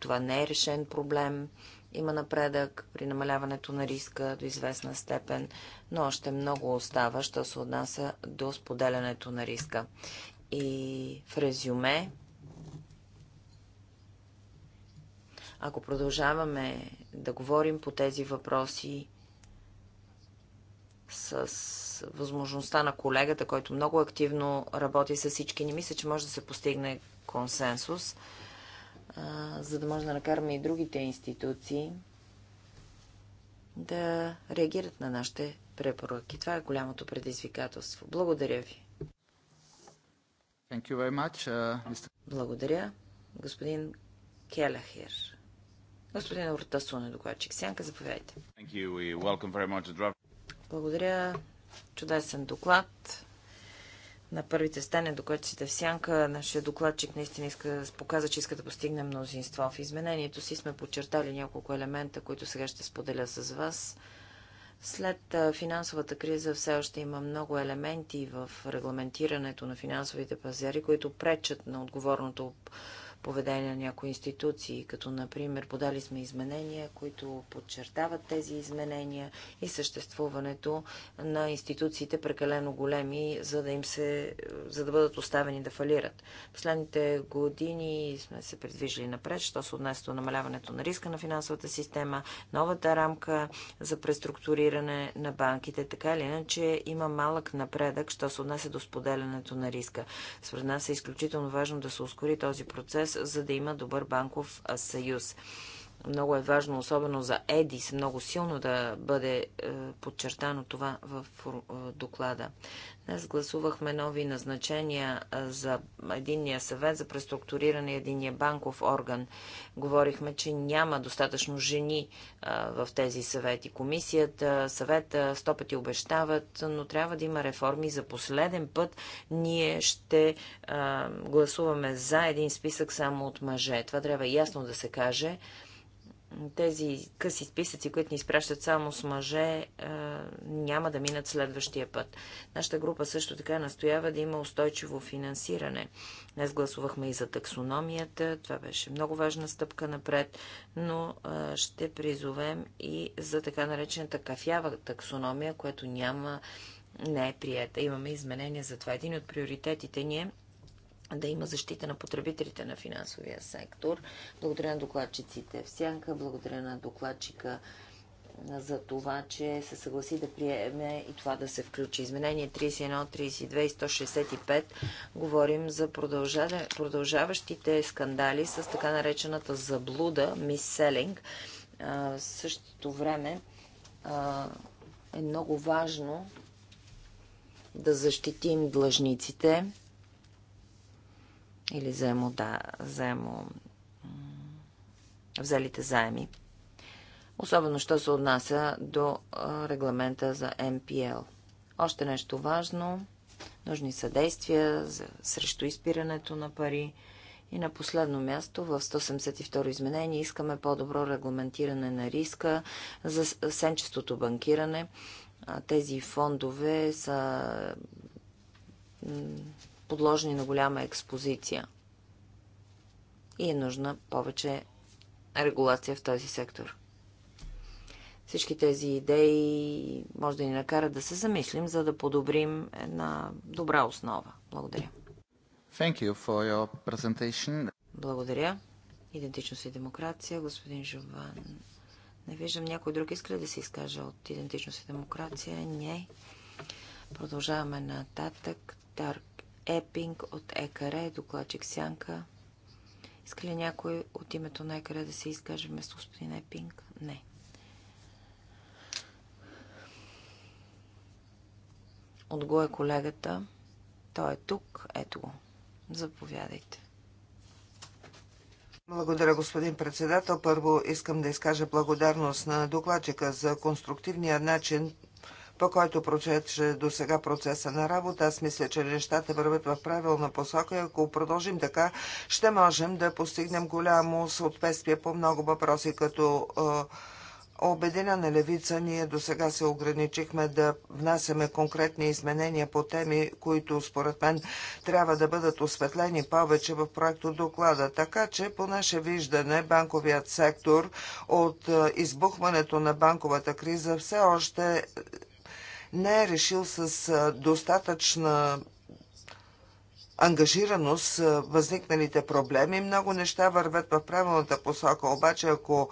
Това не е решен проблем. Има напредък при намаляването на риска до известна степен, но още много остава, що се отнася до споделянето на риска. И в резюме, ако продължаваме да говорим по тези въпроси с възможността на колегата, който много активно работи с всички, не мисля, че може да се постигне консенсус – за да може да накараме и другите институции да реагират на нашите препоръки. Това е голямото предизвикателство. Благодаря ви. Thank you very much, uh, Mr. Благодаря, господин Келахер. Господин Ортасун е докладчик. Сянка, заповядайте. Thank you. We welcome very much the Благодаря. Чудесен доклад на първите стане, си в сянка, нашия докладчик наистина иска, показа, че иска да постигне мнозинство. В изменението си сме подчертали няколко елемента, които сега ще споделя с вас. След финансовата криза все още има много елементи в регламентирането на финансовите пазари, които пречат на отговорното поведение на някои институции, като например подали сме изменения, които подчертават тези изменения и съществуването на институциите прекалено големи, за да им се, за да бъдат оставени да фалират. Последните години сме се предвижили напред, що се отнесе до намаляването на риска на финансовата система, новата рамка за преструктуриране на банките, така или иначе има малък напредък, що се отнесе до споделянето на риска. Според нас е изключително важно да се ускори този процес за да има добър банков съюз. Много е важно, особено за ЕДИС, много силно да бъде е, подчертано това в доклада. Днес гласувахме нови назначения за Единния съвет за преструктуриране Единния банков орган. Говорихме, че няма достатъчно жени в тези съвети. Комисията, съвета сто пъти обещават, но трябва да има реформи. За последен път ние ще гласуваме за един списък само от мъже. Това трябва ясно да се каже тези къси списъци, които ни изпращат само с мъже, е, няма да минат следващия път. Нашата група също така настоява да има устойчиво финансиране. Днес гласувахме и за таксономията. Това беше много важна стъпка напред, но е, ще призовем и за така наречената кафява таксономия, която няма не е прията. Имаме изменения за това. Един от приоритетите ни е да има защита на потребителите на финансовия сектор. Благодаря на докладчиците в Сянка, благодаря на докладчика за това, че се съгласи да приеме и това да се включи. Изменение 31, 32 и 165 говорим за продължаващите скандали с така наречената заблуда, мисселинг. В същото време е много важно да защитим длъжниците, или заемо, да, заемо, взелите заеми. Особено, що се отнася до регламента за МПЛ. Още нещо важно. Нужни са действия за, срещу изпирането на пари. И на последно място, в 172 изменение, искаме по-добро регламентиране на риска за сенчестото банкиране. Тези фондове са подложени на голяма експозиция. И е нужна повече регулация в този сектор. Всички тези идеи може да ни накарат да се замислим, за да подобрим една добра основа. Благодаря. Thank you for your presentation. Благодаря. Идентичност и демокрация, господин Жован. Не виждам някой друг иска да се изкаже от идентичност и демокрация. Не. Продължаваме нататък. Дарк Епинг от ЕКАРЕ, докладчик Сянка. Иска ли някой от името на ЕКАРЕ да се изкаже вместо господин Епинг? Не. Отго е колегата. Той е тук. Ето го. Заповядайте. Благодаря, господин председател. Първо искам да изкажа благодарност на докладчика за конструктивния начин, по който прочетеше до сега процеса на работа. Аз мисля, че нещата върват в правилна посока и ако продължим така, ще можем да постигнем голямо съответствие по много въпроси, като Обединена левица ние до сега се ограничихме да внасяме конкретни изменения по теми, които според мен трябва да бъдат осветлени повече в проекто доклада. Така че по наше виждане банковият сектор от избухването на банковата криза все още не е решил с достатъчна ангажираност възникналите проблеми. Много неща вървят в правилната посока, обаче ако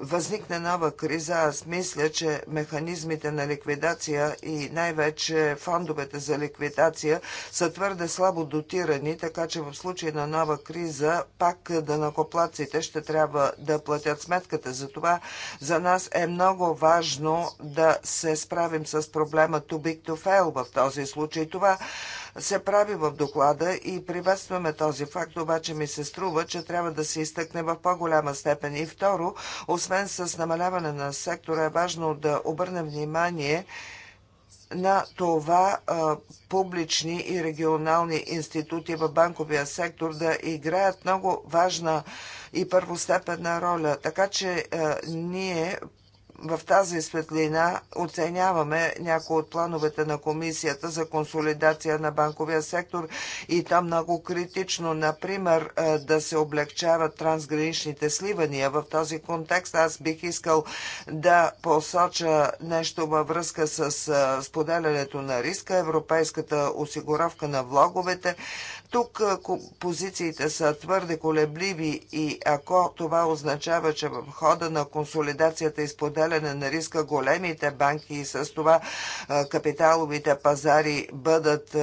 възникне нова криза, аз мисля, че механизмите на ликвидация и най-вече фондовете за ликвидация са твърде слабо дотирани, така че в случай на нова криза пак да накоплаците ще трябва да платят сметката. Затова за нас е много важно да се справим с проблема too big to fail в този случай. Това се прави в доклада и приветстваме този факт, обаче ми се струва, че трябва да се изтъкне в по-голяма степен. И второ, освен с намаляване на сектора, е важно да обърнем внимание на това а, публични и регионални институти в банковия сектор да играят много важна и първостепенна роля. Така че а, ние в тази светлина оценяваме някои от плановете на комисията за консолидация на банковия сектор и там много критично, например, да се облегчават трансграничните сливания. В този контекст аз бих искал да посоча нещо във връзка с споделянето на риска, европейската осигуровка на влоговете, тук позициите са твърде колебливи и ако това означава, че в хода на консолидацията и споделяне на риска големите банки и с това капиталовите пазари бъдат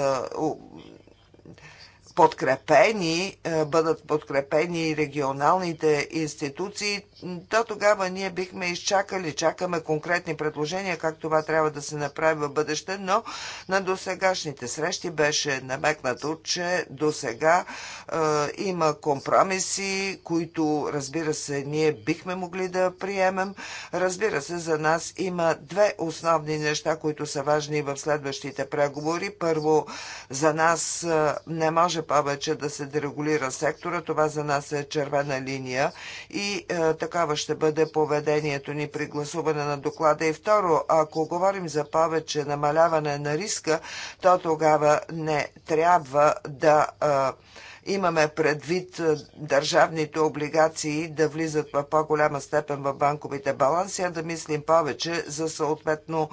подкрепени, бъдат подкрепени регионалните институции, то тогава ние бихме изчакали, чакаме конкретни предложения, как това трябва да се направи в бъдеще, но на досегашните срещи беше намекнато, че до сега е, има компромиси, които, разбира се, ние бихме могли да приемем. Разбира се, за нас има две основни неща, които са важни в следващите преговори. Първо, за нас е, не може повече да се дерегулира сектора, това за нас е червена линия и е, така такава ще бъде поведението ни при гласуване на доклада. И второ, ако говорим за повече намаляване на риска, то тогава не трябва да а, имаме предвид държавните облигации да влизат в по-голяма степен в банковите баланси, а да мислим повече за съответно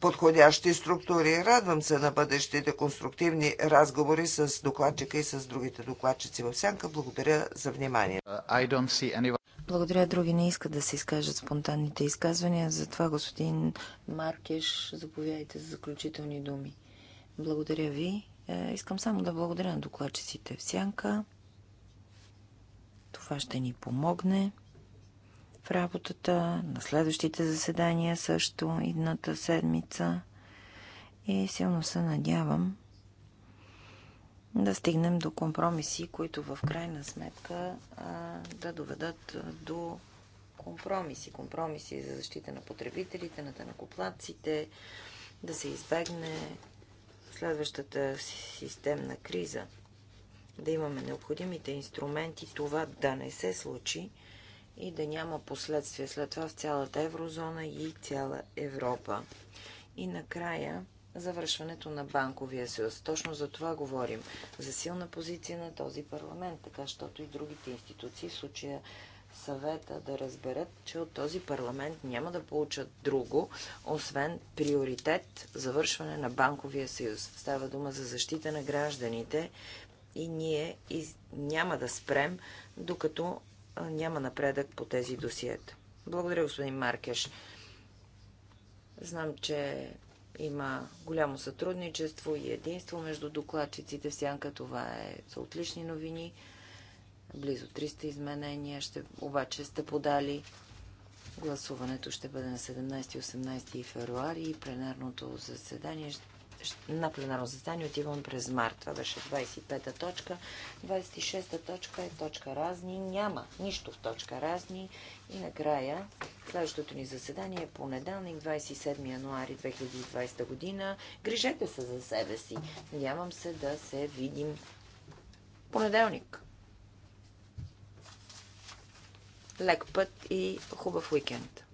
подходящи структури. Радвам се на бъдещите конструктивни разговори с докладчика и с другите докладчици в сянка. Благодаря за внимание. Uh, благодаря. Други не искат да се изкажат спонтанните изказвания. Затова, господин Маркеш, заповядайте за заключителни думи. Благодаря ви. Е, искам само да благодаря на докладчиците в Сянка. Това ще ни помогне в работата, на следващите заседания също, идната седмица. И силно се надявам, да стигнем до компромиси, които в крайна сметка да доведат до компромиси. Компромиси за защита на потребителите, на тънакоплаците, да се избегне следващата системна криза. Да имаме необходимите инструменти това да не се случи и да няма последствия след това в цялата еврозона и цяла Европа. И накрая завършването на банковия съюз. Точно за това говорим. За силна позиция на този парламент, така щото и другите институции, в случая съвета да разберат, че от този парламент няма да получат друго, освен приоритет завършване на банковия съюз. Става дума за защита на гражданите и ние няма да спрем, докато няма напредък по тези досиета. Благодаря, господин Маркеш. Знам, че има голямо сътрудничество и единство между докладчиците в Сянка. Това е, са отлични новини. Близо 300 изменения ще, обаче сте подали. Гласуването ще бъде на 17-18 февруари и пленарното заседание ще на пленарно заседание отивам през март. Това беше 25-та точка. 26-та точка е точка разни. Няма нищо в точка разни. И накрая следващото ни заседание е понеделник, 27 януари 2020 година. Грижете се за себе си. Надявам се да се видим понеделник. Лек път и хубав уикенд.